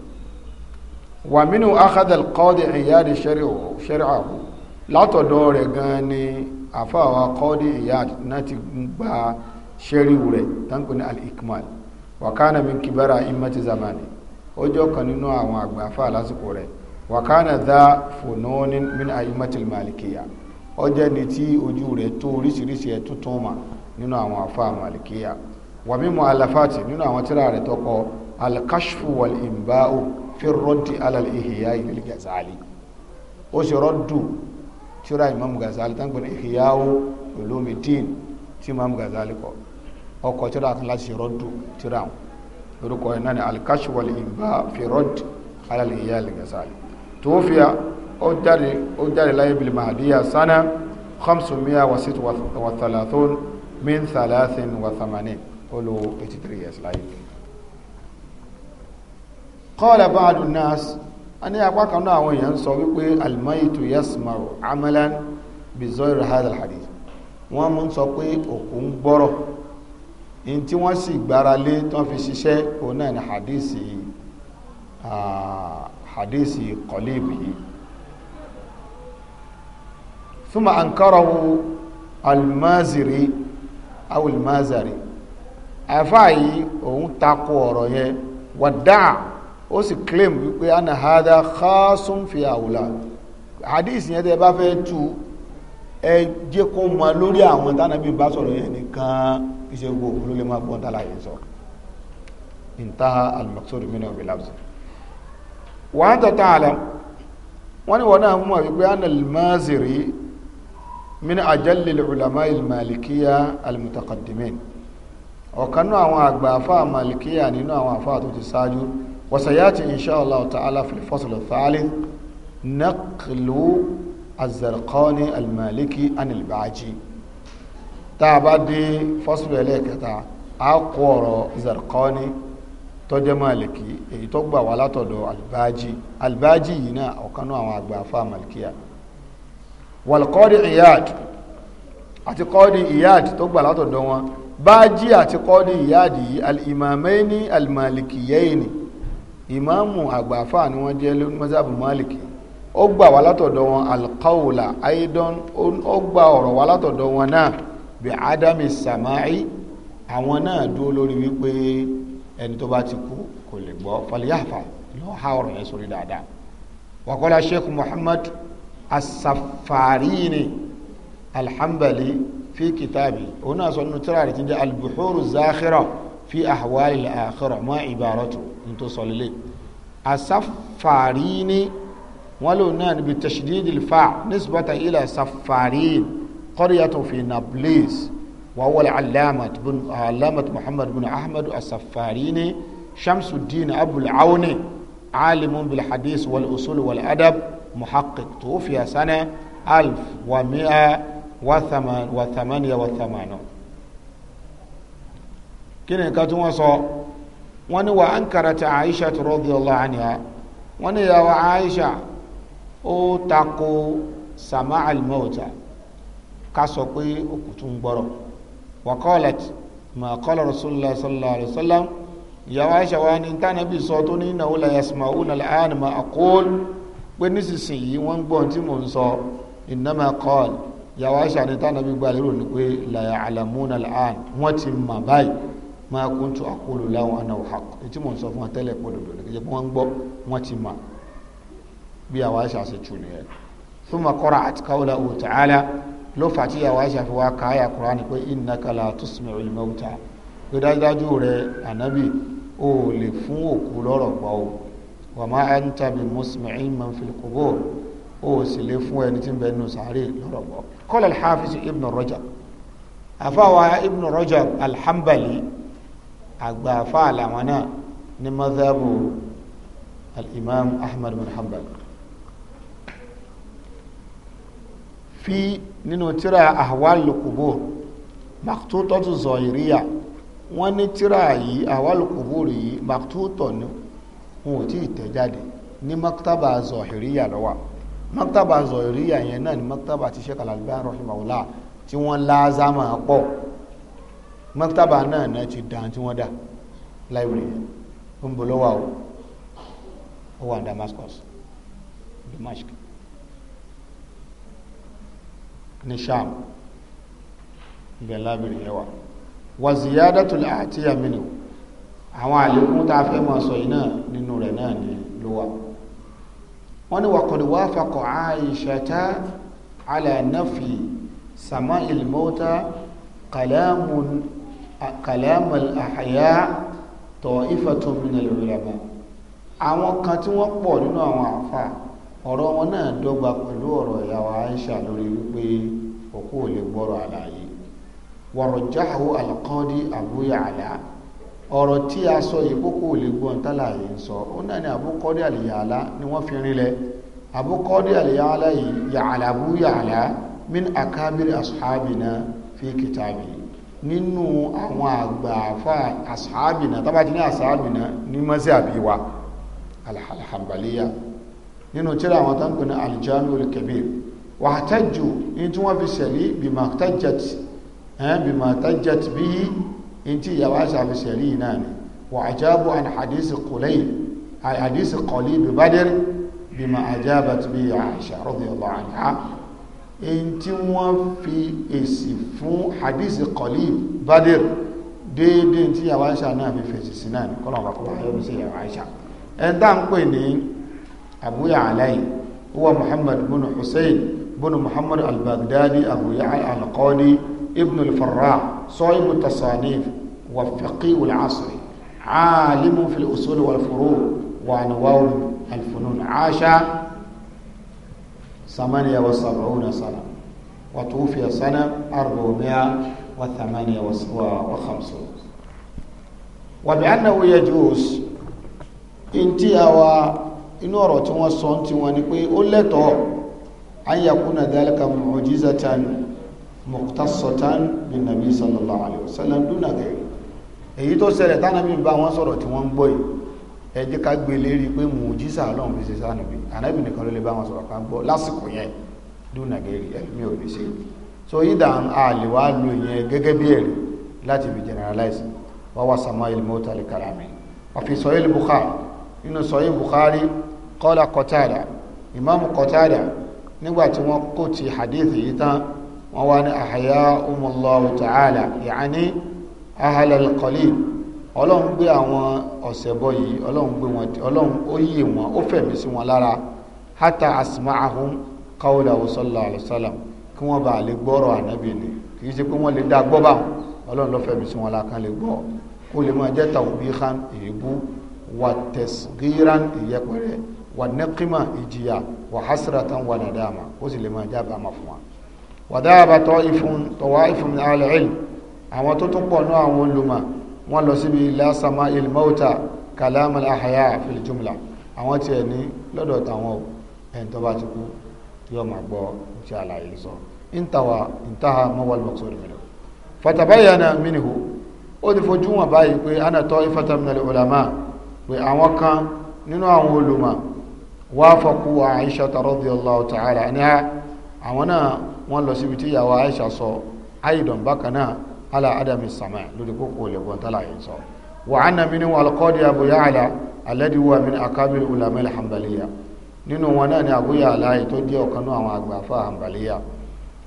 wa minhu akhadha al-qadi Iyad shari'ahu látọ̀dọ̀ rẹ̀ gan ni àfáàwà qadi Iyad náà ti gba shari'u rẹ̀ tánkù ní al-ikmal wa kana min kibara immati zamani ó jẹ́ ọ̀kan nínú àwọn àgbà àfáà lásìkò rẹ̀ wa kana dha fununin min a'immati al-malikiyya ó jẹ́ ni tí ojú rẹ̀ tó oríṣiríṣi ẹ̀ tuntun nínú àwọn àfáà malikiyya wa min mu'allafati nínú àwọn tírà rẹ̀ tọkọ al wal-imba'u fi rọ́dì alal ihya ìbílí gazali ó ṣe rọ́dù tíra imam gazali tán gbọ́nà ihya ulumuddin tí imam gazali kọ ọkọ̀ tíra kan láti ṣe rọ́dù tíra wọn orúkọ ẹ̀ náà ni alkashi wal imba fi rọ́dì alal ihya ìbílí gazali tó fi ó jáde ó jáde láyé bil mahdiya sana 536 min 83 olówó 83 years láyé qala ba'du an-nas a ní apá kan náà àwọn èèyàn ń sọ wípé al-maytu yasma'u amalan bi zoir hadha al-hadith wọ́n mú sọ pé òkú ń gbọ́rọ̀ in tí wọ́n sì gbára lé tán fi ṣiṣẹ́ òun náà ni hadisi hadisi qalib yìí thumma ankarahu al-maziri aw al-mazari àfáà yìí òun takò ọ̀rọ̀ yẹn wàdáà ó sì claim wípé ana hada khasun fi àwùlà hadith yẹn tẹ́ bá fẹ́ tú ẹ jẹ́ kó mọ lórí àwọn tánàbí bá sọ̀rọ̀ yẹn nìkan iṣẹ́ gbogbo ló lè máa gbọ́n tààlà yẹn sọ intaha al-maqsud minhu bil lafz wa anta ta'lam wọ́n ní wọ́n náà mú wípé ana al-maziri ajalli al-ulama al-malikiya àwọn àgbà malikiya nínú àwọn àfáà tó ti ṣáájú وسياتي ان شاء الله تعالى في الفصل الثالث نقل الزرقاني المالكي عن البعجي تعبدي فصل اليك تاع اقور زرقاني tọ́jẹ́ Málìkì èyí tó gbà wá látọ̀dọ̀ albájí albájí yìí náà ọ̀kanú àwọn àgbà afá malikiya walqadi iyad àti qadi iyad tó gbà látọ̀dọ̀ wọn bájí àti qadi iyad yìí al-imamaini al-malikiyaini al ìmáàmù àgbàfà ni wọ́n jẹ́ mọ́sáàbù máàlìkì ó gbà wá látọ̀dọ̀ wọn alkaula aidan ó gbà ọ̀rọ̀ wá látọ̀dọ̀ wọn náà bí adami samai àwọn náà dúró lórí wípé ẹni tó bá ti kú kò lè gbọ́ falyafa lọ ha ọ̀rọ̀ yẹn sórí dáadáa wàkọ́lá sheikh muhammad asafarini alhambali fi kitabi òun náà sọ nínú tíra rẹ̀ ti jẹ́ albuhuru zakhira fi ahwali al-akhirah ibaratu tó sọ lélẹ̀ asafarini wọn lò náà níbi tashdid ilfa nisbata ila safarin qaryatun fi nablus wa wal alamat bin alamat muhammad bin ahmad asafarini shamsuddin abul awni alimun bil hadith wal usul wal adab muhaqqiq tuwfiya sana alf wa mi'a wa thamaniya wa thamanu kí ni nǹkan tí wọ́n ní wà ankarata aisha radiyallahu anha wọ́n ní ìyàwó aisha ó tako sama al-mauta ká sọ pé ó kù tún gbọ́rọ̀ wa qalat ma qala rasulullah sallallahu alayhi wa sallam ìyàwó aisha wa ní tánàbí sọ tó ní innahu la yasma'una al-an ma aqul pé nísinsìnyí wọ́n gbọ́ tí mò ń sọ innama qala ìyàwó aisha ní tánàbí gbà lérò ní pé la ya'lamuna al-an wọ́n ti mà báyìí máa kún tó àkólò láwọn anáwó hàk etí mò ń sọ fún wa tẹ́lẹ̀ pọ̀ lòdò nìkan jẹ́ pé wọ́n ń gbọ́ wọ́n ti mà bí àwa ṣe àṣetù nìyẹn fún makọ́ra àti káwọ́lá ò tààlà ló fà tí àwa ṣe àfiwá káyà kúránì pé innaka la tusmi'u al-mauta pé dájúdájú rẹ ànábì ó lè fún òkú lọ́rọ̀ gbọ́ o wa ma anta bi musmi'in man fil qubur ó sì lè fún ẹni tí ń bẹ nínú sàárè lọ́rọ̀ gbọ́ qala al ibn rajab àfàwà ibn rajab al àgbà àfáà làwọn náà ní madhabu al-imam ahmad bin hanbal fi nínú tíra ahwal qubur maktutatu zohiriya wọ́n ní tíra yìí ahwal qubur yìí maktutọ̀ ni wọn ò tí ì tẹ̀jáde ní maktaba zohiriya lọ́wọ́ maktaba zohiriya yẹn náà ni maktaba ti sheikh al-albani rahimahullah tí wọ́n lázámà mọ́tàbà náà náà ti dàn tí wọ́n dà láìwèrè ó ń bọ̀ lọ́wọ́ o ó wà Damascus Damascus ní Sham ibẹ̀ lábẹ̀rẹ̀ yẹwà wà ziyadatul àtiyà minu àwọn àlékún tá a fẹ́ mọ̀ sọ yìí nínú rẹ̀ náà ni ló wọ́n ní wàkọ̀dù wá fakọ̀ àìṣàtà alànáfì sàmà ìlmọ́ta kàlámùn kalamal ahya ta'ifatun minal ulama àwọn kan tí wọ́n pọ̀ nínú àwọn àfà ọ̀rọ̀ wọn náà dọ́gba pẹ̀lú ọ̀rọ̀ ìyàwó Aisha lórí wípé òkú ò lè gbọ́rọ̀ àlàyé warajjahu al-qadi Abu Ya'la ọ̀rọ̀ tí a sọ yìí kókó ò lè gbọ́n tálàyé ń sọ ó náà ni Abu Qadi al ni wọ́n fi rinlẹ̀ Abu Qadi al yìí Ya'la Abu Ya'la min akabiri ashabina fi kitabi nínú àwọn àgbà àfà àṣàbìnà tàbátí ní àṣàbìnà ní mọ́sí àbíwá alhambaliya nínú tíra àwọn tán pín aljami olùkẹbí wà tẹ́jù ní tí wọ́n fi sẹ̀rí bímọ̀ tẹ́jẹ̀t bí i tí ìyàwó àṣà fi sẹ̀rí náà ni wà ajábọ̀ an hadisi kọlẹ̀ hadisi kọlẹ̀ bí bá dẹ́rẹ́ bímọ̀ ajábàt bí i àṣà radiyallahu anha èyí tí wọ́n fi èsì fún hadith kọlíb badir déédé tí yàwá Aisha náà fi fèsì sí náà ní kọ́lọ̀ bàkọ́ ayọ́bí sí yàwá Aisha ẹni tá ń pè ní Abu Ya'la huwa Muhammad bin Hussein bin Muhammad al-Baghdadi Abu Ya'la al-Qadi ibn al-Farra sahibu tasanif wa faqih al-asr alimu fil usul wal furu' wa anwa' al-funun Aisha ثمانية وسبعون سنة وتوفي سنة أربعمائة وثمانية وخمسون وبأنه يجوز انتي أو inú ọ̀rọ̀ tí wọ́n sọ tí wọ́n ní pé ó lẹ́tọ̀ọ́ ayakuna dhalika mu'jizatan muqtasatan bin nabi sallallahu alayhi wa sallam dúnàgẹ̀ èyí tó ṣẹlẹ̀ tánàbí bá wọ́n sọ̀rọ̀ tí wọ́n ń gbọ́ yìí ẹ jẹ́ ká gbé lérí pé mùjísà ọlọ́run fi ṣe sánàbí ànábì nìkan ló lè bá wọn sọ̀rọ̀ kan gbọ́ lásìkò yẹn dúnàgẹ́rì ẹ̀mí ò ní ṣe so ìdá àlè wá lo ìyẹn gẹ́gẹ́ bí ẹ̀rí láti fi generalize wọ́n wá sàmọ́ ilé mọ́tà lè kára mi àfi sọ́yìn Bukhari nínú sọ́yìn Bukhari kọ́lá Qatada ìmáàmù Qatada nígbà tí wọ́n kó ti hadith yìí tán wọ́n wá ní àhàyà umullahu ta'ala ya'ani ahalal qalil ọlọ́run gbé àwọn ọ̀sẹ̀bọ yìí ọlọ́run gbé wọn ọlọ́run ó yí wọn ó fẹ̀mí sí wọn lára hata asma'ahum kawla sallallahu alaihi wasallam kí wọ́n bá lè gbọ́rọ̀ ànábì ni kì í ṣe pé wọ́n lè dá gbọ́ bá wọn ọlọ́run ló fẹ̀mí sí wọn lára kan lè gbọ́ kó lè máa jẹ́ tawbihan èébú wà tasgiran ìyẹpẹrẹ wà naqima ìjìyà wà hasratan wà nadama ó sì lè máa jábàá máa fún wa wàdáàbà tọ́ ìfún tọ̀wá ìfún alẹ́ àwọn tó tún pọ̀ náà àwọn olùmọ̀ wọ́n lọ síbi lásàmà ilmọ́ta kàlámà àhàyà fìlìjúmùlà àwọn tiẹ̀ ní lọ́dọ̀ táwọn ẹni tó bá ti kú yóò máa gbọ́ ti àlàyé sọ ìntàwà ìntàhà mọ́wàl mọ́kúsọ̀rọ̀ mìíràn fàtàbáyà náà mìíràn ó ti fojú wọn báyìí pé ana tọ́ ìfàtàmìnàlẹ̀ ọ̀làmà pé àwọn kan nínú àwọn olùmọ̀ wá fọkú àìṣà radiyallahu ta'ala ní àwọn náà wọ́n lọ síbi tí ìyàwó àìṣà sọ àìdàn bákan náà ala adami sama lórí kókó lẹ́gbọ̀n tálà yìí sọ wà á nàmi ní alkọ́dí Abu Ya'la alẹ́dí wà mí akábí ulama alhambaliya nínú wọn náà ni Abu Ya'la yìí tó jẹ́ ọ̀kanú àwọn àgbàfà hambaliya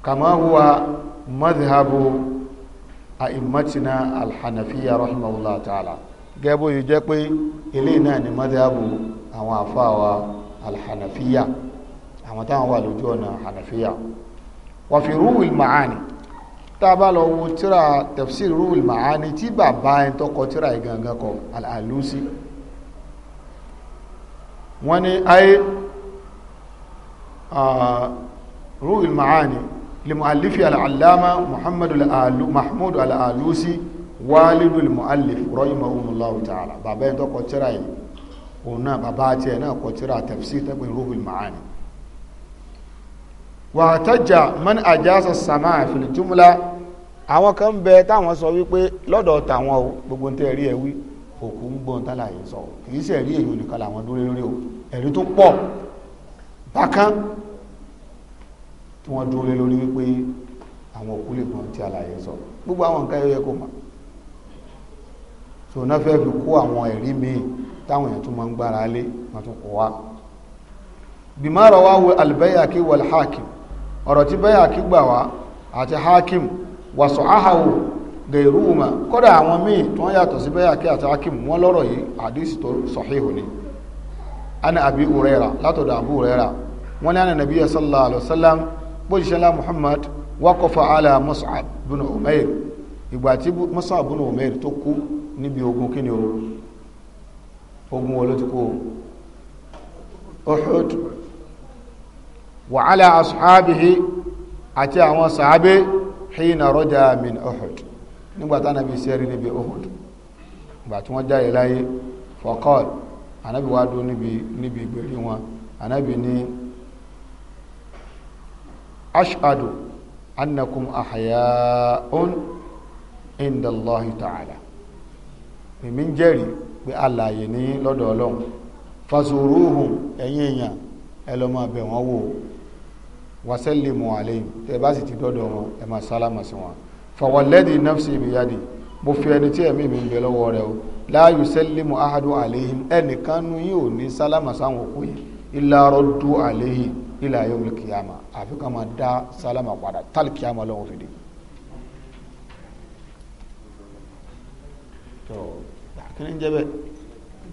kàmá huwa madhabu àìmọ́tina alhanafiya rahimahullah ta'ala gẹ́gbó yìí jẹ́ pé ilé náà ni madhabu àwọn àfáwà alhanafiya àwọn táwọn wà lójú ọ̀nà hanafiya wà fi rúwìl ma'ani tá a bá lọ wo tíra tafsir ruhul ma'ani tí bàbá ẹni tó kọ tíra yìí gangan kọ al-Alusi wọ́n ní ayé ruhul ma'ani limu'allifi al'allama muhammadu mahmudu al-Alusi walidu limu'allif rahimahumullahu ta'ala bàbá ẹni tó tíra yìí òun náà bàbá tiẹ̀ náà kọ tíra tafsir tẹ́gbẹ̀ ruhul ma'ani wàtájà mọ́n àjásọ sàmà àfìlìjúmúlá àwọn kan bẹ táwọn sọ wípé lọ́dọ̀ tàwọn o gbogbo tẹ́ rí ẹ wí òkú ń gbọ́n tálà yìí sọ kìí sì ẹ̀rí èyí nìkan làwọn dúró lórí o ẹ̀rí tó pọ̀ bákan tí wọ́n dúró lórí wípé àwọn òkú lè gbọ́n tí àlàyé sọ gbogbo àwọn nǹkan ẹ̀yẹ kò mọ̀ so náà fẹ́ fi kó àwọn ẹ̀rí míì táwọn èèyàn tún máa ń gbára lé wọ́n tún kọ́ wa bimarawawo albayaki walhakim ọ̀rọ̀ tí bẹ́yà kí gbà wá àti hakim wàsọ̀ áhàwò gẹ̀rùmà kọ́dà àwọn míì tó ń yàtọ̀ sí bẹ́yà kí àti hakim wọ́n lọ́rọ̀ yìí àdísì tó sọ̀híhù ni ana abi urera látọ̀dọ̀ abu urera wọ́n ní ànàbí sallallahu alaihi wasallam bó ṣiṣẹ́ lá muhammad waqafa ala mus'ab bin umair ìgbà tí mus'ab bin umair tó kú níbi ogun kíni o ogun wo ti kú o wa ala ashabihi àti àwọn sàábé hina rọ́jà min uhud nígbàtá nàbí sẹ́rí níbi uhud ìgbà tí wọ́n jáde láyé fọ́kọ́l anábì wá dún níbi níbi ìgbèrí wọn anábì ní ashadu annakum ahya'un inda allahi ta'ala mímí ń jẹ́rìí pé alààyè ní lọ́dọ̀ ọlọ́run fasuruhum èèyàn ẹ lọ wò wasallimu alayhim tẹ́ bá sì ti dọ́dọ̀ wọn ẹ máa sálámà sí wọn fawalladhi nafsi biyadi mo fi ẹni tí ẹ̀mí mi ń bẹ lọ́wọ́ rẹ̀ o la yusallimu ahadu alayhim ẹnìkan nu yìí ò ní sálámà sáwọn òkú yìí illa raddu alayhi ila yawmil qiyama àfi ká máa dá sálámà padà tálì kíyàmà lọ́wọ́ fìdí. kí ni ń jẹ́ bẹ́ẹ̀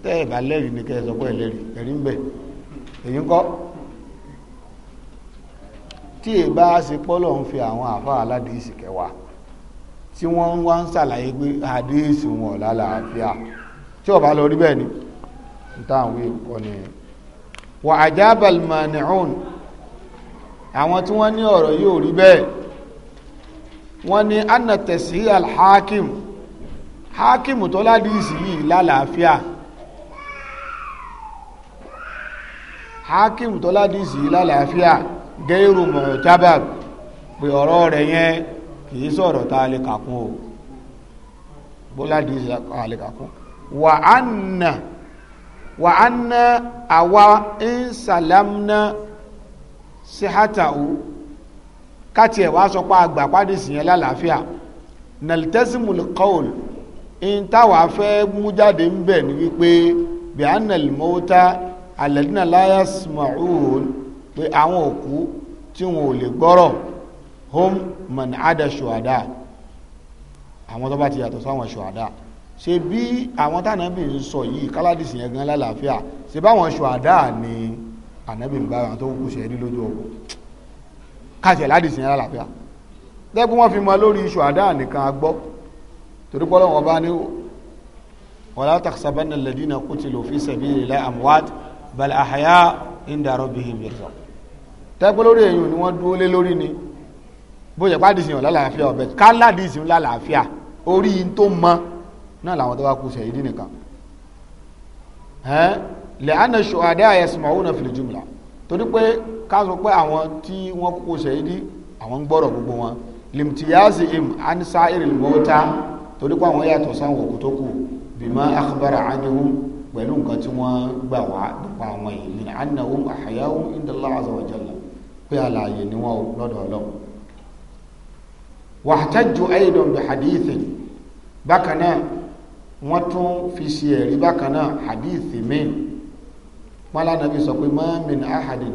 tẹ́ ẹ̀ bá lẹ́rìí ni kẹ́ ẹ sọ pé ẹ lẹ́rìí ẹ̀rí ń tí èbá ṣe pọ́lọ̀ ń fi àwọn àfa aládìísì kẹwàá tí wọ́n ń wá ń ṣàlàyé pé àdìísì wọn lálàáfíà tí ó bá lọ rí bẹ́ẹ̀ ni táwọn èkọ́ ni wà àjábàl mani'un àwọn tí wọ́n ní ọ̀rọ̀ yóò rí bẹ́ẹ̀ wọ́n ní anatẹ̀sí alhakim hakim tó ládìísì yìí lálàáfíà hakim tó ládìísì yìí lálàáfíà. La gẹ́rù mọ̀tábà pé ọ̀rọ̀ rẹ̀ yẹn kìí sọ̀rọ̀ tá a lè kàkún o bólá dìí sí a lè kàkún wà á nà wà á nà àwa ń sàlámná sí hátàwó káti ẹ̀ wá sọ pé àgbà pàdé sí yẹn lálàáfíà nàlítẹ́sìmù kọ́ọ̀lù ń táwa fẹ́ mú jáde ń bẹ̀ ni wípé bí a lè mọ́ta àlẹ́dínà láyà sùmọ̀ pé àwọn òkú tí wọn ò lè gbọ́rọ̀ hum man ada shuhada àwọn tó bá ti yàtọ̀ sáwọn shuhada ṣe bí àwọn tànàbì ń sọ yìí káládìsì yẹn gan lálàáfíà ṣe báwọn shuhada ni ànábì ń bá àwọn tó kù ṣe lójú ọkọ̀ káṣẹ̀ ládìsì yẹn lálàáfíà dẹ́kun wọ́n fi mọ lórí shuhada nìkan agbọ́ torí pọ́lọ́wọ́n bá ní ولا تحسبن الذين قتلوا في سبيل الله أموات بل أحياء عند ربهم tẹ́pẹ́ lórí èyàn ni wọ́n dúró lé lórí ni bó jẹ́ pàdísì yàn lálàáfíà ọ̀bẹ̀ ká ládìsì lálàáfíà orí tó mọ náà làwọn tó bá kú sẹ̀yìn nìkan lẹ́hánà ṣòhádé àyẹ̀sìmọ̀wó náà fìlì jùmùlà torí pé ká sọ pé àwọn tí wọ́n kú sẹ̀yìn àwọn gbọ́rọ̀ gbogbo wọn limtiyazi im ansa iril mọ́ta torí pé àwọn yàtọ̀ sáwọn òkú tó kù bima akhbara anhum pẹ̀lú nǹkan tí wọ́n gbà wá nípa àwọn èèyàn annahum ahya'un inda Allah azza pé alààyè ni wọn lọ́dọ̀ Ọlọ́run wàhátájú aidan bi hadithi bákan náà wọn tún fi ṣe ẹ̀rí bákan náà hadithi míì mọlá nàbí sọ pé mọ́mìn ahadi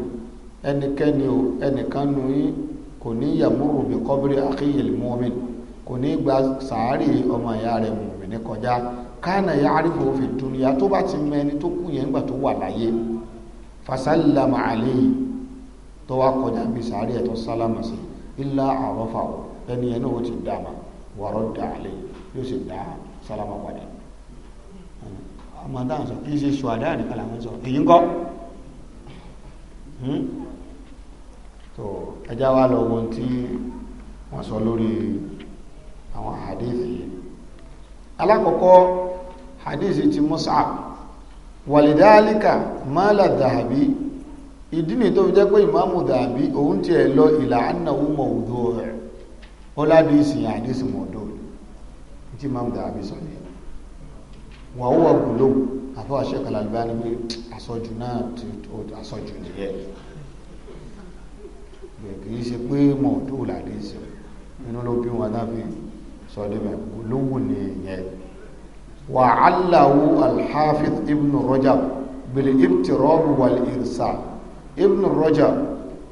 ẹnikẹ́ni o ẹnìkan nu yín kò ní yàmúrù bí kọ́bírí àkíyèl mọ́mìn kò ní gba sàárì ọmọ ìyá rẹ̀ mọ̀mìn ní kọjá kánà yà àrífò fi dunya tó bá ti mẹ́ni tó kú yẹn nígbà tó wà láyé fasalama alayhi tó wá kọjá bí sàárì ẹ̀tọ́ sálámà sí ilá àrọ́fà ẹni ẹni ó ti dàmà wọ̀rọ̀ dàálẹ̀ yóò sì dá sálámà padà ọmọ dáhùn sọ kí n ṣe ṣùwádà nìkan làwọn sọ èyí ń kọ́ tó hmm? ẹjá wa lọ wọn tí wọ́n sọ lórí àwọn hadithi yìí alákọ̀ọ́kọ́ ti Mus'ab walidhalika mala dhahabi ìdí ni tó fi jẹ́ pé ìmáàmù dàbí òun ti ẹ̀ lọ ìlà ànáwó mọ̀ọ́dọ́ rẹ̀ ó ládé ìsìn àdéṣì mọ̀ọ́dọ́ tí ìmáàmù dàbí sọ ni wà ó wà gùn lóhùn àfọwọ́ ṣe kàlà ni pé àsọjù náà ti àsọjù nìyẹn bẹ́ẹ̀ kì í ṣe pé mọ̀ọ́dọ́ làdé ìsìn inú ló bí wọn náà fi sọ débẹ̀ gùn lóhùn nìyẹn wà á láwù alhafiz ibn rajab bil ibtirab wal irsal ibn Rajab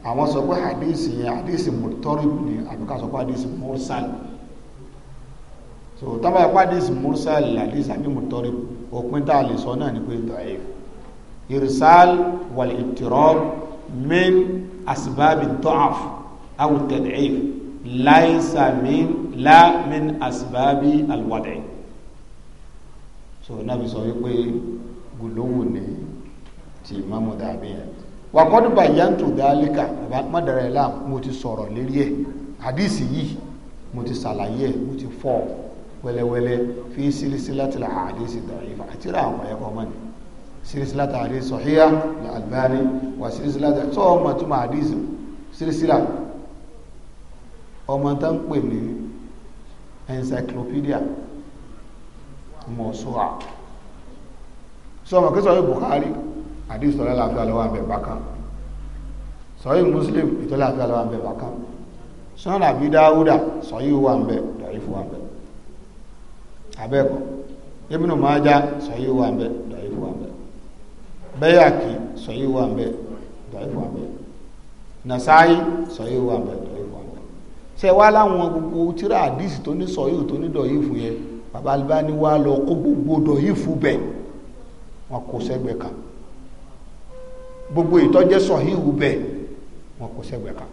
àwọn sọ pé hadisi yẹn hadisi murtarib ni àbíká sọ pé hadisi mursal so tábà pé hadisi mursal hadisi àbí murtarib òpin tá a lè sọ náà ni pé da'if irsal wal ittirab min asbab ad-da'f aw at min la min asbab al-wad' so nabi sọ wípé gùlówù ni ti dàbí yẹn wàkọ́dùbà yantu dálíkà bàbá mọ́dàrà ẹ̀ láàmú mo ti sọ̀rọ̀ lérí ẹ̀ àdìsí yìí mo ti ṣàlàyé ẹ̀ mo ti fọ́ ọ wẹ́lẹ́wẹ́lẹ́ fi sílísílátìlà àdìsí dàrífà àti rà àwọn ẹ̀kọ́ mọ́ ni sílísílátà àdìsí sọ̀híyà Albani wà sílísílátà tó ọmọ tó máa àdìsí sílísílà ọmọ tó ń pè ní encyclopedia mọ̀ọ́sọ́à sọ ma kí sọ yóò Bukhari àdìs tọ́lá láàfíà lọ́wọ́ àbẹ̀ bákan sọ́yí muslim ìtọ́lá àfíà lọ́wọ́ àbẹ̀ bákan sọ́nà àbí dáúdà sọ́yí wà ń bẹ̀ dọ̀ífù wà ń bẹ̀ abẹ́ẹ̀kọ́ ibùnú májá sọ́yí wà ń bẹ̀ dọ̀ífù wà ń bẹ̀ bẹ́yàkì sọ́yí wà ń bẹ̀ dọ̀ífù wà ń bẹ̀ nasáyí sọ́yí wà ń bẹ̀ dọ̀ífù wà ń bẹ̀ ṣe wá láwọn gbogbo tíra àdìs tó ní sọ́yí tó ní dọ̀ífù yẹn bàbá alibáni wá lọ kó gbogbo dọ̀ífù bẹ̀ wọn kò sẹ́gbẹ̀ẹ́ kan gbogbo ìtọ́jẹ́ sọ híhù bẹ́ẹ̀ wọn kò sẹ́gbẹ̀ẹ́ kan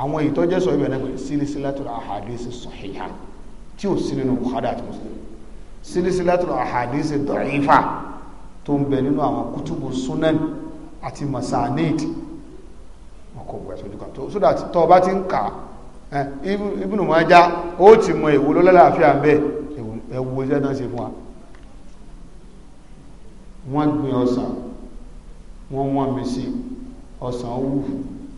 àwọn ìtọ́jẹ́ sọ ibẹ̀ náà sílísílátùl àhàdísì sọ̀híhà tí ò sí nínú Bukhari àti Muslim sílísílátùl àhàdísì dọ̀ífà tó ń bẹ nínú àwọn kútùbù sunan àti masanid wọn kò gbẹ̀ sójú kan tó sódà tó o bá ti ń kà Ibnu Majah ó ti mọ èwo lọ́lọ́láàfíà ń bẹ ẹ̀wò iṣẹ́ náà ṣe fún wa wọ́n gbin ọsàn wọ́n wọ́n mi sí ọ̀sán wù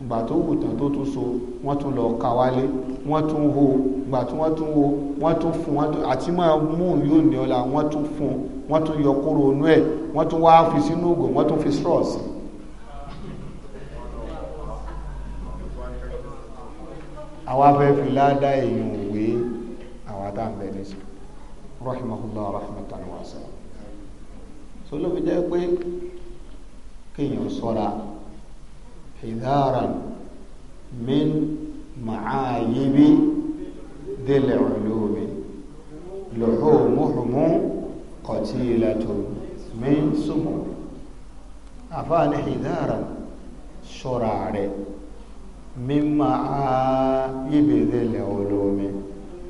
ìgbà tó wù tán tó tún so wọ́n tún lọ ka wálé wọ́n tún ho ìgbà tí wọ́n tún ho wọ́n tún fún wọ́n tún àti máa mú yóò ní ọ̀la wọ́n tún fún wọ́n tún yọ kóró onú ẹ̀ wọ́n tún wá fi sínú ògò wọ́n tún fi sọ́ọ̀sì. àwa fẹ́ fi láàdá èèyàn òwe àwa tá à ń bẹ nísìn rahimahullah rahmatan wa sallam. sọlọ́ fi jẹ́ pé kéèyàn sọ́ra ìdára min ma'ayibi délẹ̀ olómi lòhó múhùmú kọtílẹ̀tò min súnmù àfáàní ìdára sọ́ra rẹ̀ min ma'ayibi délẹ̀ olómi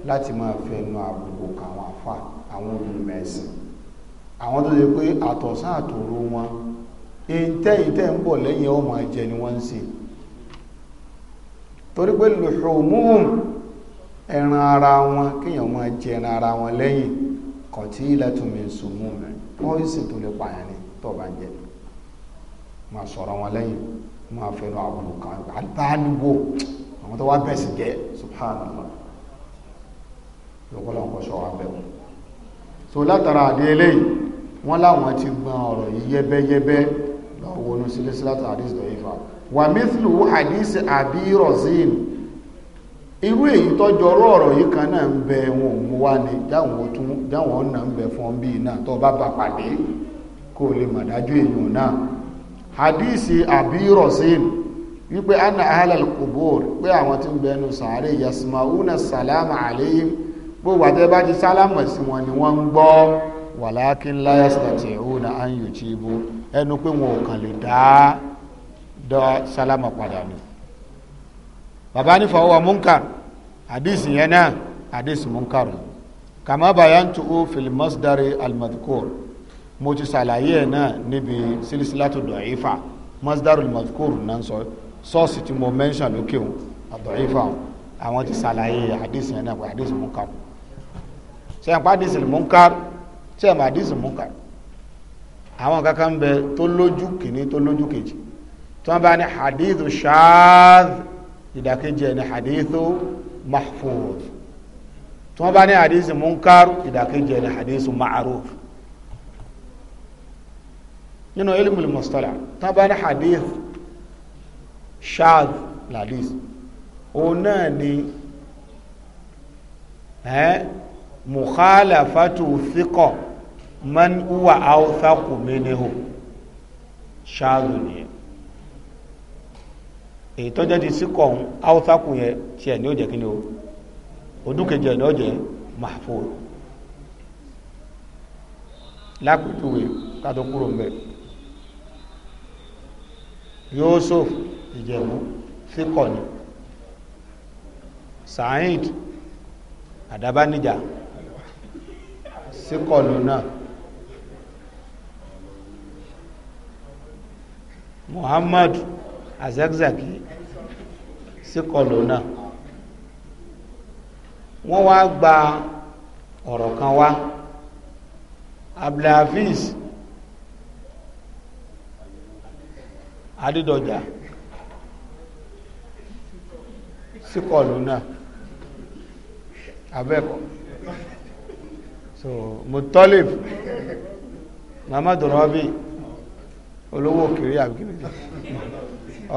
láti máa fẹnu àbùkù kàwọn àfà àwọn olùmẹ̀sìn àwọn tó ṣe pé àtọ̀sán àtòrò wọn ìtẹ́ ìtẹ́ ń bọ̀ lẹ́yìn ọmọ ẹ̀jẹ̀ ni wọ́n ń ṣe torí pé lùhùmùhùn ẹran ara wọn kíyàn máa jẹ ẹran ara wọn lẹ́yìn kàn tí ilẹ̀tùnmí sùnmù rẹ̀ wọ́n sì tó lè pààyàn ní tó bá ń sọ̀rọ̀ wọn lẹ́yìn máa fẹnu àbùrù kan àtàlùbò àwọn tó wá bẹ̀ sí jẹ́ subhanallah lọ́pọ̀lọpọ̀ kọ́ sọ wá bẹ̀ wọn so látara àdé eléyìí wọ́n láwọn ti gbọ́n ọ̀rọ̀ yìí yẹ́bẹ́yẹ́bẹ́ wọnú silsilatu hadith dọ̀yífà wà mithlu hadith àbí rọ̀zín irú èyí tọ́jọ́rọ́ ọ̀rọ̀ yìí kan náà ń bẹ wọn ò mú wá ní dáwọn ọ̀nà ń bẹ fún bí náà tó bá bá pàdé kó lè mọ̀ dájú èèyàn náà hadith àbí wípé anna ahlal qubur pé àwọn tí ń bẹnu sàárè yasmauna salama alayhim gbogbo àtẹ́ bá ti sálámọ̀ sí wọn ni wọ́n ń gbọ́ walakin la yastati'una an yujibu ẹnu pé wọn ò kàn lè dá dá sálámà padà ni bàbá ní fọwọ́ munkar àdìsí yẹn náà àdìsí munkar kàmá bayantu fil masdari almadhkur mo ti ṣàlàyé ẹ̀ náà níbi sílísílátù dọ̀ífà masdari almadhkur náà sọ sọ́ọ̀sì tí mo mẹ́ńṣà lókè òun àdọ̀ífà àwọn ti ṣàlàyé àdìsí yẹn náà pé àdìsí munkar sẹ́yìn pa àdìsí munkar sẹ́yìn pa àdìsí munkar àwọn kankan bẹ tó lójú kìíní tó lójú kejì tí wọ́n bá ní hadithu shadh ìdàkejì ẹ̀ ní hadithu mahfuz tí wọ́n bá ní hadithu munkar ìdàkejì ẹ̀ ní hadithu ma'ruf nínú ilmul mustala tí wọ́n bá ní hadith shadh ladis òun náà ni mukhalafatu thiqa man huwa awthaqu minhu ṣáàlù nìyẹn èyí tó jẹ́ ti síkọ̀ ọ̀hún awthaqu yẹn tiẹ̀ ní ó jẹ́ kí ni o odúkejì ẹ̀ ní ó jẹ́ mahfuz lápẹ̀júwe kátó kúrò Adabanija síkọ̀ lónà. muhammadu azakzaki sí kọlọ́nà wọ́n wá gba ọ̀rọ̀ kan wá abdulhafiz adédọjà sí kọlọ́nà abẹ́kọ̀ so mutolib mamadu rabi olówó òkèrè àbíkèrè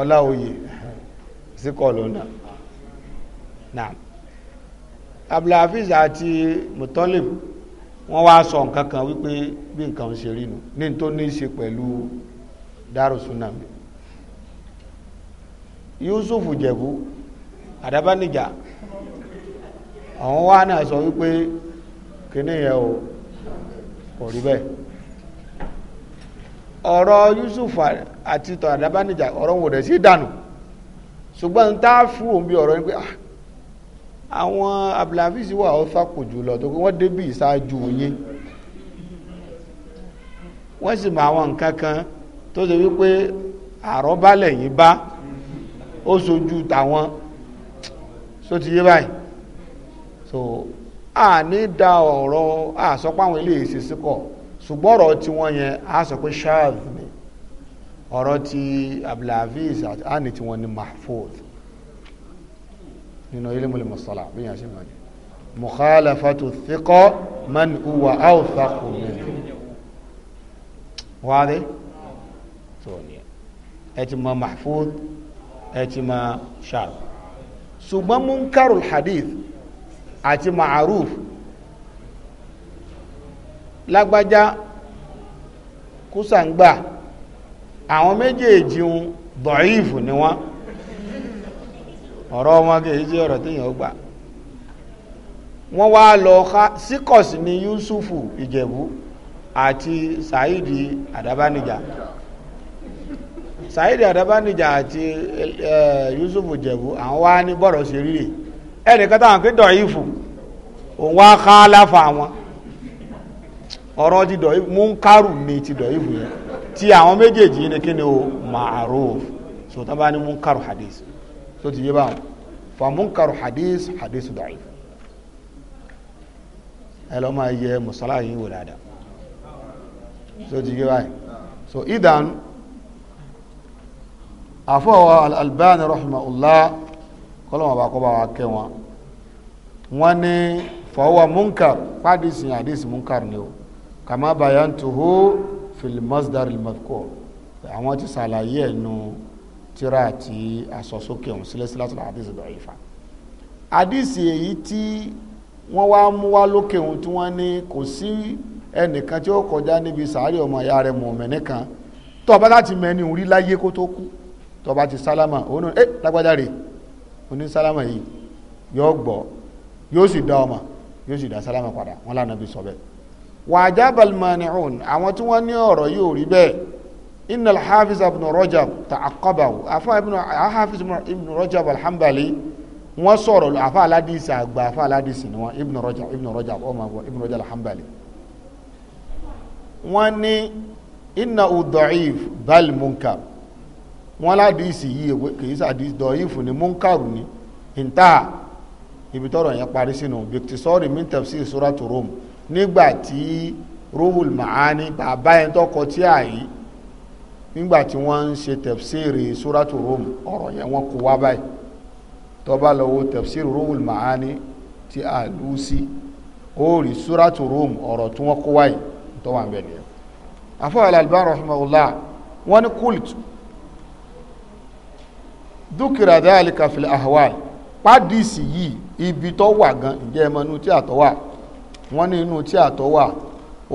ọláòyè síkọ̀ lọ́nà náà abdulhafiz àti mutolib wọ́n wá sọ nǹkan kan wípé bí nǹkan ṣe rí nu ní tó ní í ṣe pẹ̀lú darusunami yusuf jẹ̀bú àdábánijà àwọn wá náà sọ wípé kíní yẹn o kò rí bẹ́ẹ̀ ọ̀rọ̀ Yusuf àti tọ̀ àdábánijà ọ̀rọ̀ wọn ò dẹ̀ sí dànù ṣùgbọ́n tá a fún òun bí ọ̀rọ̀ yín pé ah, àwọn abdulhafiz wà ó fàpò jùlọ tó pé wọ́n débì ìṣáájú yín wọ́n sì mọ àwọn nǹkan kan tó ṣe wípé àrọ́bálẹ̀ yìí bá ó sojú tàwọn só ti yé báyìí so a ní da ọ̀rọ̀ àsọpọ̀ àwọn ilé ṣùgbọ́n ọ̀rọ̀ tí wọ́n yẹn á sọ pé shaz ni ọ̀rọ̀ ti abdulhafiz á ní tí wọ́n ní mahfuz nínú ilmul musala bí yẹn ṣe mọ̀ ní mukhalafatu thiqa man huwa awthaqu minhu wáde tó ní ẹ ti mọ mahfuz ẹ ti mọ shaz ṣùgbọ́n munkarul hadith àti ma'aruf lágbájá kúsàǹgbà àwọn méjèèjì ń dọ̀ífù ni wọ́n ọ̀rọ̀ wọn kìí jẹ́ ọ̀rọ̀ tí yàn gbà wọ́n wá lọ ká síkọ̀sì ni Yusufu Ìjẹ̀bú àti Saidi Adabanija Saidi Adabanija àti Yusufu Ìjẹ̀bú àwọn wá ní bọ̀rọ̀ sí rírì ẹnìkan táwọn kí dọ̀ífù òun wá ká láfa wọn ọ̀rọ̀ ti dọ̀ mú ń kárù ní ti dọ̀ ìbù yẹn tí àwọn méjèèjì ní kí ni o ma'ruf so tó bá ní mú ń kárù hadith so ti yé báwọn fa mú ń hadith hadith da'if ẹ lọ́ máa yẹ mùsọ́lá wò dáadáa so ti yé báyìí so idan àfọwọ́ albani rahimahullah kọ́lọ́mọ̀ bá kọ́ bá wa kẹ́ wọn wọ́n ní fọwọ́ munkar pàdísìn àdísìn ni o Kama bayantuhu fil masdar al-madhkur àwọn ti ṣàlàyé ẹnu tíra àti asọsókè ọ̀hún silsilatul hadith da'ifa àdìsí èyí tí wọ́n wá mú wa lókè ọ̀hún tí wọ́n ní kò sí ẹnìkan tí ó kọjá níbi sàárè ọmọ ìyá rẹ̀ mọ̀ọ́mẹ́ nìkan tó bá láti mẹ́ni orí láyé kó tó kú tó bá ti sálámà òun náà ẹ lágbájá rèé oní sálámà yìí yóò gbọ́ yóò sì dá ọmọ yóò sì dá sálámà padà wọn lànà bí sọ bẹ́ẹ̀ wàjábàl mani'un àwọn tí wọ́n ní ọ̀rọ̀ yóò rí bẹ́ẹ̀ inna alhafiz ibn rajab ta'aqqabahu afa ibn alhafiz ibn rajab alhambali wọ́n sọ̀rọ̀ afa aladisi àgbà afa aladisi ni wọ́n ibn rajab ibn rajab ọmọ àgbà ibn rajab alhambali wọ́n ní inna udọ̀if bal munkar wọ́n ládìsí yìí kìí sàdìsí dọ̀if ni munkar ni ìntà ibi tọ́rọ̀ yẹn parí sínú bìtìsọ́rì min tafsir suratu rum nígbàtí ruhul ma'ani bàbá ẹni tó kọ tí àyí nígbàtí wọ́n ń ṣe tafsiri suratu rum ọ̀rọ̀ yẹn wọ́n kó wá báyìí tó bá lọ wo tafsiri ruhul ma'ani ti àlùsí ó rí suratu rum ọ̀rọ̀ tí wọ́n kó wáyìí tó wà ń bẹ̀ nìyẹn afọ́wàlá Al-Albani wọ́n ní kult dúkìrà dhalika fil ahwal pàdísì yìí ibi tó wà gan ìjẹ́ ẹmọ́nú tí àtọ́wà wọ́n ní inú tí àtọ́ wà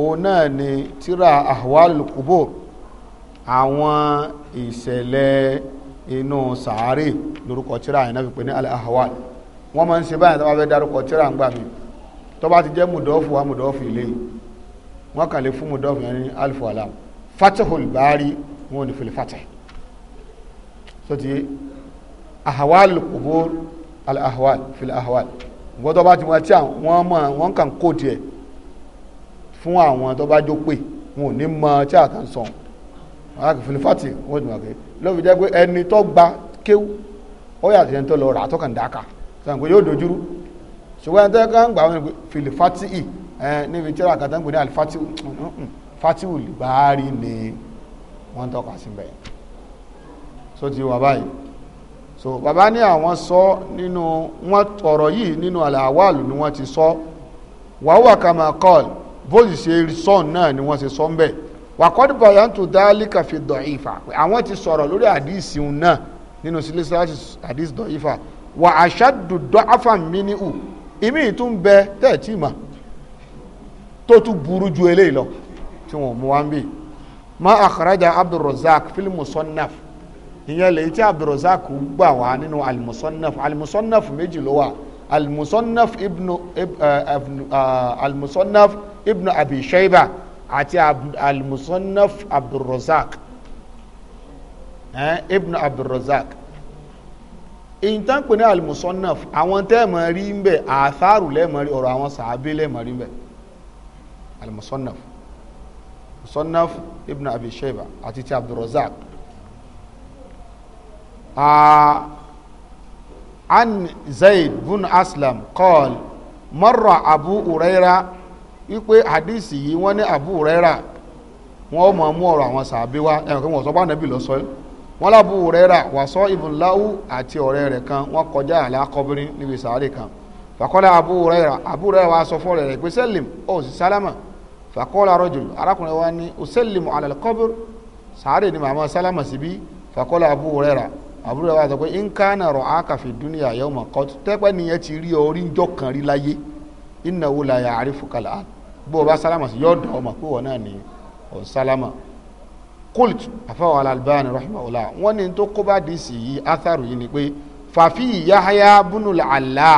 òun náà ni tíra ahwal qubur àwọn ìṣẹ̀lẹ̀ inú sàárè lórúkọ tíra àyìnà fi pè ní al ahwal wọ́n máa ń ṣe báyìí tó fẹ́ dárúkọ tíra ń gbà mí tó ti jẹ́ mùdọ́fù wa mùdọ́fù ilé wọ́n kàn lè fún mùdọ́fù yẹn ní alifu alam fatihul bari wọn ni filifata so ti ahwal qubur al ahwal wọ́n tó bá ti mọ tí àwọn mọ̀ wọ́n kàn kó tiẹ̀ fún àwọn tó bá jó pè wọn ò ní mọ tí àtàn sàn wọn á kì fún ní fati wọn ò dùn àgbẹ̀ lọ́wọ́ fi jẹ́ pé ẹni tó gba kéwú ó yà àti ẹni tó lọ rà tó kàn dáka sàn pé yóò dojúrú ṣùgbọ́n ẹni tó kàn gbà wọn fìlì fati ì ẹ níbi tí ra kàtà ń pè ní alifati fati ò lè bá rí ni wọ́n tọ́ka sí bẹ́ẹ̀ sọ ti wà báyìí so bàbá ní àwọn sọ nínú wọn ọ̀rọ̀ yìí nínú àlàáwàlù ni wọ́n ti sọ wàhùwà kàmàkọ́ọ̀lù bóyì ṣe sọ́ọ̀n náà ni wọ́n ṣe sọ ń bẹ̀ wàkọ́dù bàyà ń tún dálíkà fi dọ̀ ìfà àwọn ti sọ̀rọ̀ lórí àdìsí náà nínú sílẹ̀sì àdìsí dọ̀ ìfà wà àṣàdù dọ̀ afa mi ní ù ìmí ìtún bẹ tẹ́ẹ̀tì mà tó tún burú ju eléyìí lọ tí wọ́n mú wá ń bì má àkàràjà abdulrozak fílmù sọ́nàfù ìyẹn lèyí tí abdulrozak gbà wá nínú alimusonaf alimusonaf méjì ló wà alimusonaf ibnu eh, eh, alimusonaf ibnu abi shayba àti alimusonaf abdulrozak eh, ibnu abdulrozak ìtànkù ní alimusonaf àwọn tẹ́ẹ̀mọ̀ rí ń bẹ̀ àtharù lẹ́ẹ̀mọ̀ rí ọ̀rọ̀ àwọn sàábé lẹ́ẹ̀mọ̀ rí ń bẹ̀ alimusonaf musonaf ibnu abi shayba àti ti abdulrozak an zaid bin aslam qal marra abu uraira wípé hadisi yìí wọ́n ní abu uraira wọ́n mọ̀ mú ọ̀rọ̀ àwọn sàbí wá ẹ̀rọ kí wọ́n sọ bá nàbí lọ sọ wọ́n lábú uraira wà sọ ibùn láwù àti ọ̀rẹ́ rẹ̀ kan wọ́n kọjá àlákọ́bìnrin níbi sàárè kan fàkọ́lá abu uraira abu uraira wa sọ fọ́ọ̀rẹ́ rẹ̀ pé sẹ́lìm ó sì sálámà fàkọ́lá rajul arákùnrin wa ní ó sẹ́lìm alàlẹ́kọ́bìr sàárè ni màmá sálámà síbí fàkọ́lá abu uraira àbúrò rẹ̀ wá sọ pé nkánà rọ̀ ákàfi dúnìyà yẹ́wò mọ̀ kọ́ tẹ́pẹ́ nìyẹn ti rí orí ńjọ́ kan rí láyé ìnáwó la yà àrífù kàlà á bó o bá sálámà sí yọ̀ọ́ dọ̀ ọmọ pé wọ́n náà ní ọ̀n sálámà kult afọwọ́ alalbani rahimahullah wọ́n ní tó kó bá di sí yìí atharu yìí ni pé fàfi yahaya bunul ala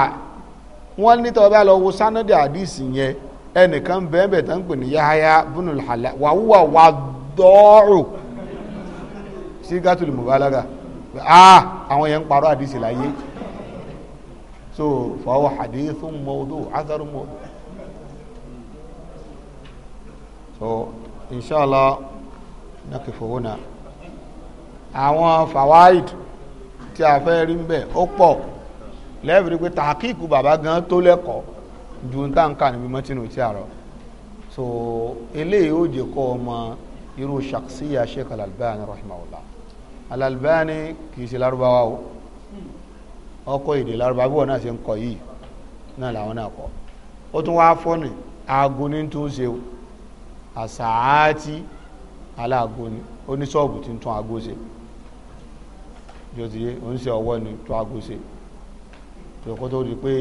wọ́n ní tọ́ bá lọ sanadi àdìsí yẹn ẹnìkan bẹ́ẹ̀ bẹ́ẹ̀ tán pè ní yahaya bunul ala wàhùwà wàdọ́ọ̀rù sí gàtúlù mubalaga ah àwọn yẹn ń parọ́ àdìsí láyé so fọwọ́ hadithun mọ́ọ́dọ́ azaru mọ́ọ́dọ́ so inshallah nakifu huna àwọn fawaid tí a fẹ́ rí ń bẹ̀ ó pọ̀ lẹ́ẹ̀bìrì pé tàkíkù bàbá gan tó lẹ́kọ̀ọ́ ju ń tàǹkà níbi mọ́tínú tí a rọ so eléyìí ó jẹ́ kọ́ ọmọ irú ṣàkṣíyà Sheikh Al-Albani rahimahullah Al-Albani kìí ṣe lárúbáwá o ọkọ̀ èdè lárúbáwá bí wọ́n náà ṣe ń kọ yìí náà làwọn náà kọ́ ó tún wá fọ́nì aago ní tún ṣe o àṣàáàtì aláàgó ni oníṣọ́ọ̀bù ti ń tún aago ṣe yóò ti yé oníṣẹ́ ọwọ́ ni tún aago ṣe tòkó tó di pé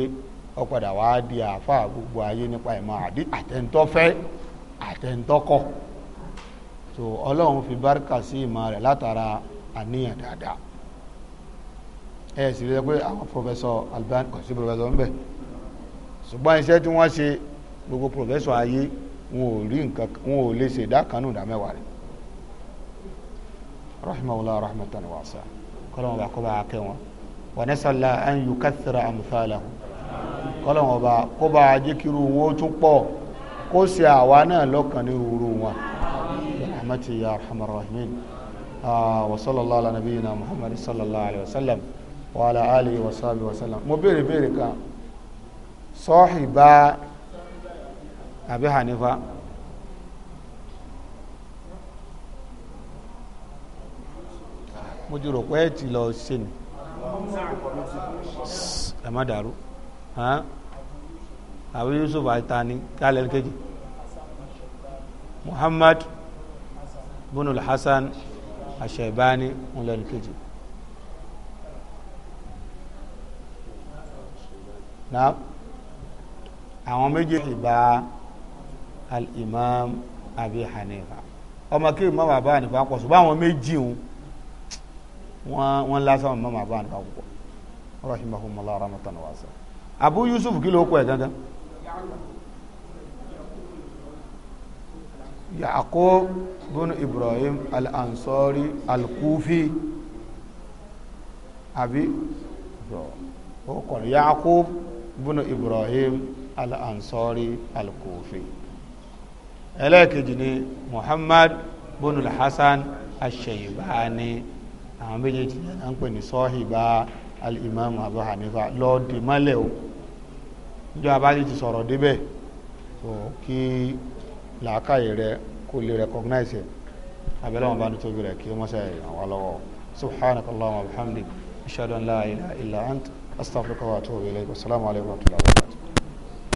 ó wá di àáfàá gbogbo ayé nípa ìmọ̀ àdí àtẹ̀ntọ́fẹ́ àtẹ̀ntọ́kọ̀ so ọlọ́run fi báríkà sí ìmọ̀ rẹ̀ látara àníyàn dáadáa ẹ sì rí i pé àwọn pòfẹsọ Albani kò sí pòfẹsọ ńbẹ ṣùgbọ́n iṣẹ́ tí wọ́n ṣe gbogbo pòfẹsọ ayé wọn ò rí nǹkan wọn ò lè ṣe ìdákanú ìdámẹ́wàá rẹ̀ rahimahullah rahmatan wasa kọ́lọ́wọ́n bá kọ́ bá kẹ́ wọn wa nasalla an yukathira amthalahu kọ́lọ́wọ́n bá kó bá jẹ́kiri wọn tún pọ̀ kó ṣe àwa náà lọ́kàn ní irú wọn rahmatu ya وصلى الله على نبينا محمد صلى الله عليه وسلم وعلى آله وصحبه وسلم mo béèrè béèrè kan صاحبا أبي حنيفة mo jùrò pé ẹ ti lọ ṣe ni ẹ má dàrú àbí Yusuf àìtani kálẹ̀ kejì Muhammad bunul Hasan. àṣẹ̀báni ńlẹ́nu kejì. àwọn méjèèjì bá al-imam abi hanifa ọmọ kí imam abi hanifa pọ̀ ṣùgbọ́n àwọn méjì wọn lásán imam abi hanifa púpọ̀ wasa abu yusuf kí ló kọ ẹ̀ Yaqub bin Ibrahim al-Ansari al-Kufi àbí ó kọ̀ Yaqub bin Ibrahim al-Ansari al-Kufi ẹlẹ́ẹ̀kejì ni Muhammad bin al-Hasan al-Shaybani àwọn méjèèjì yẹn à ń pè ní sọ́hìbá al Abu Hanifa lọ́ọ́ dì o níjọ́ ti sọ̀rọ̀ débẹ̀ kí làákàyè rẹ kó lè recognize ẹ̀ abẹ́lẹ́ wọn bá ní tóbi rẹ̀ kí ó mọ́sẹ̀ àwọn alọ́wọ́ subhanaka allahumma wa bihamdik ashhadu an la ilaha illa ant astaghfiruka wa atubu ilayk assalamu alaykum wa rahmatullahi wa barakatuh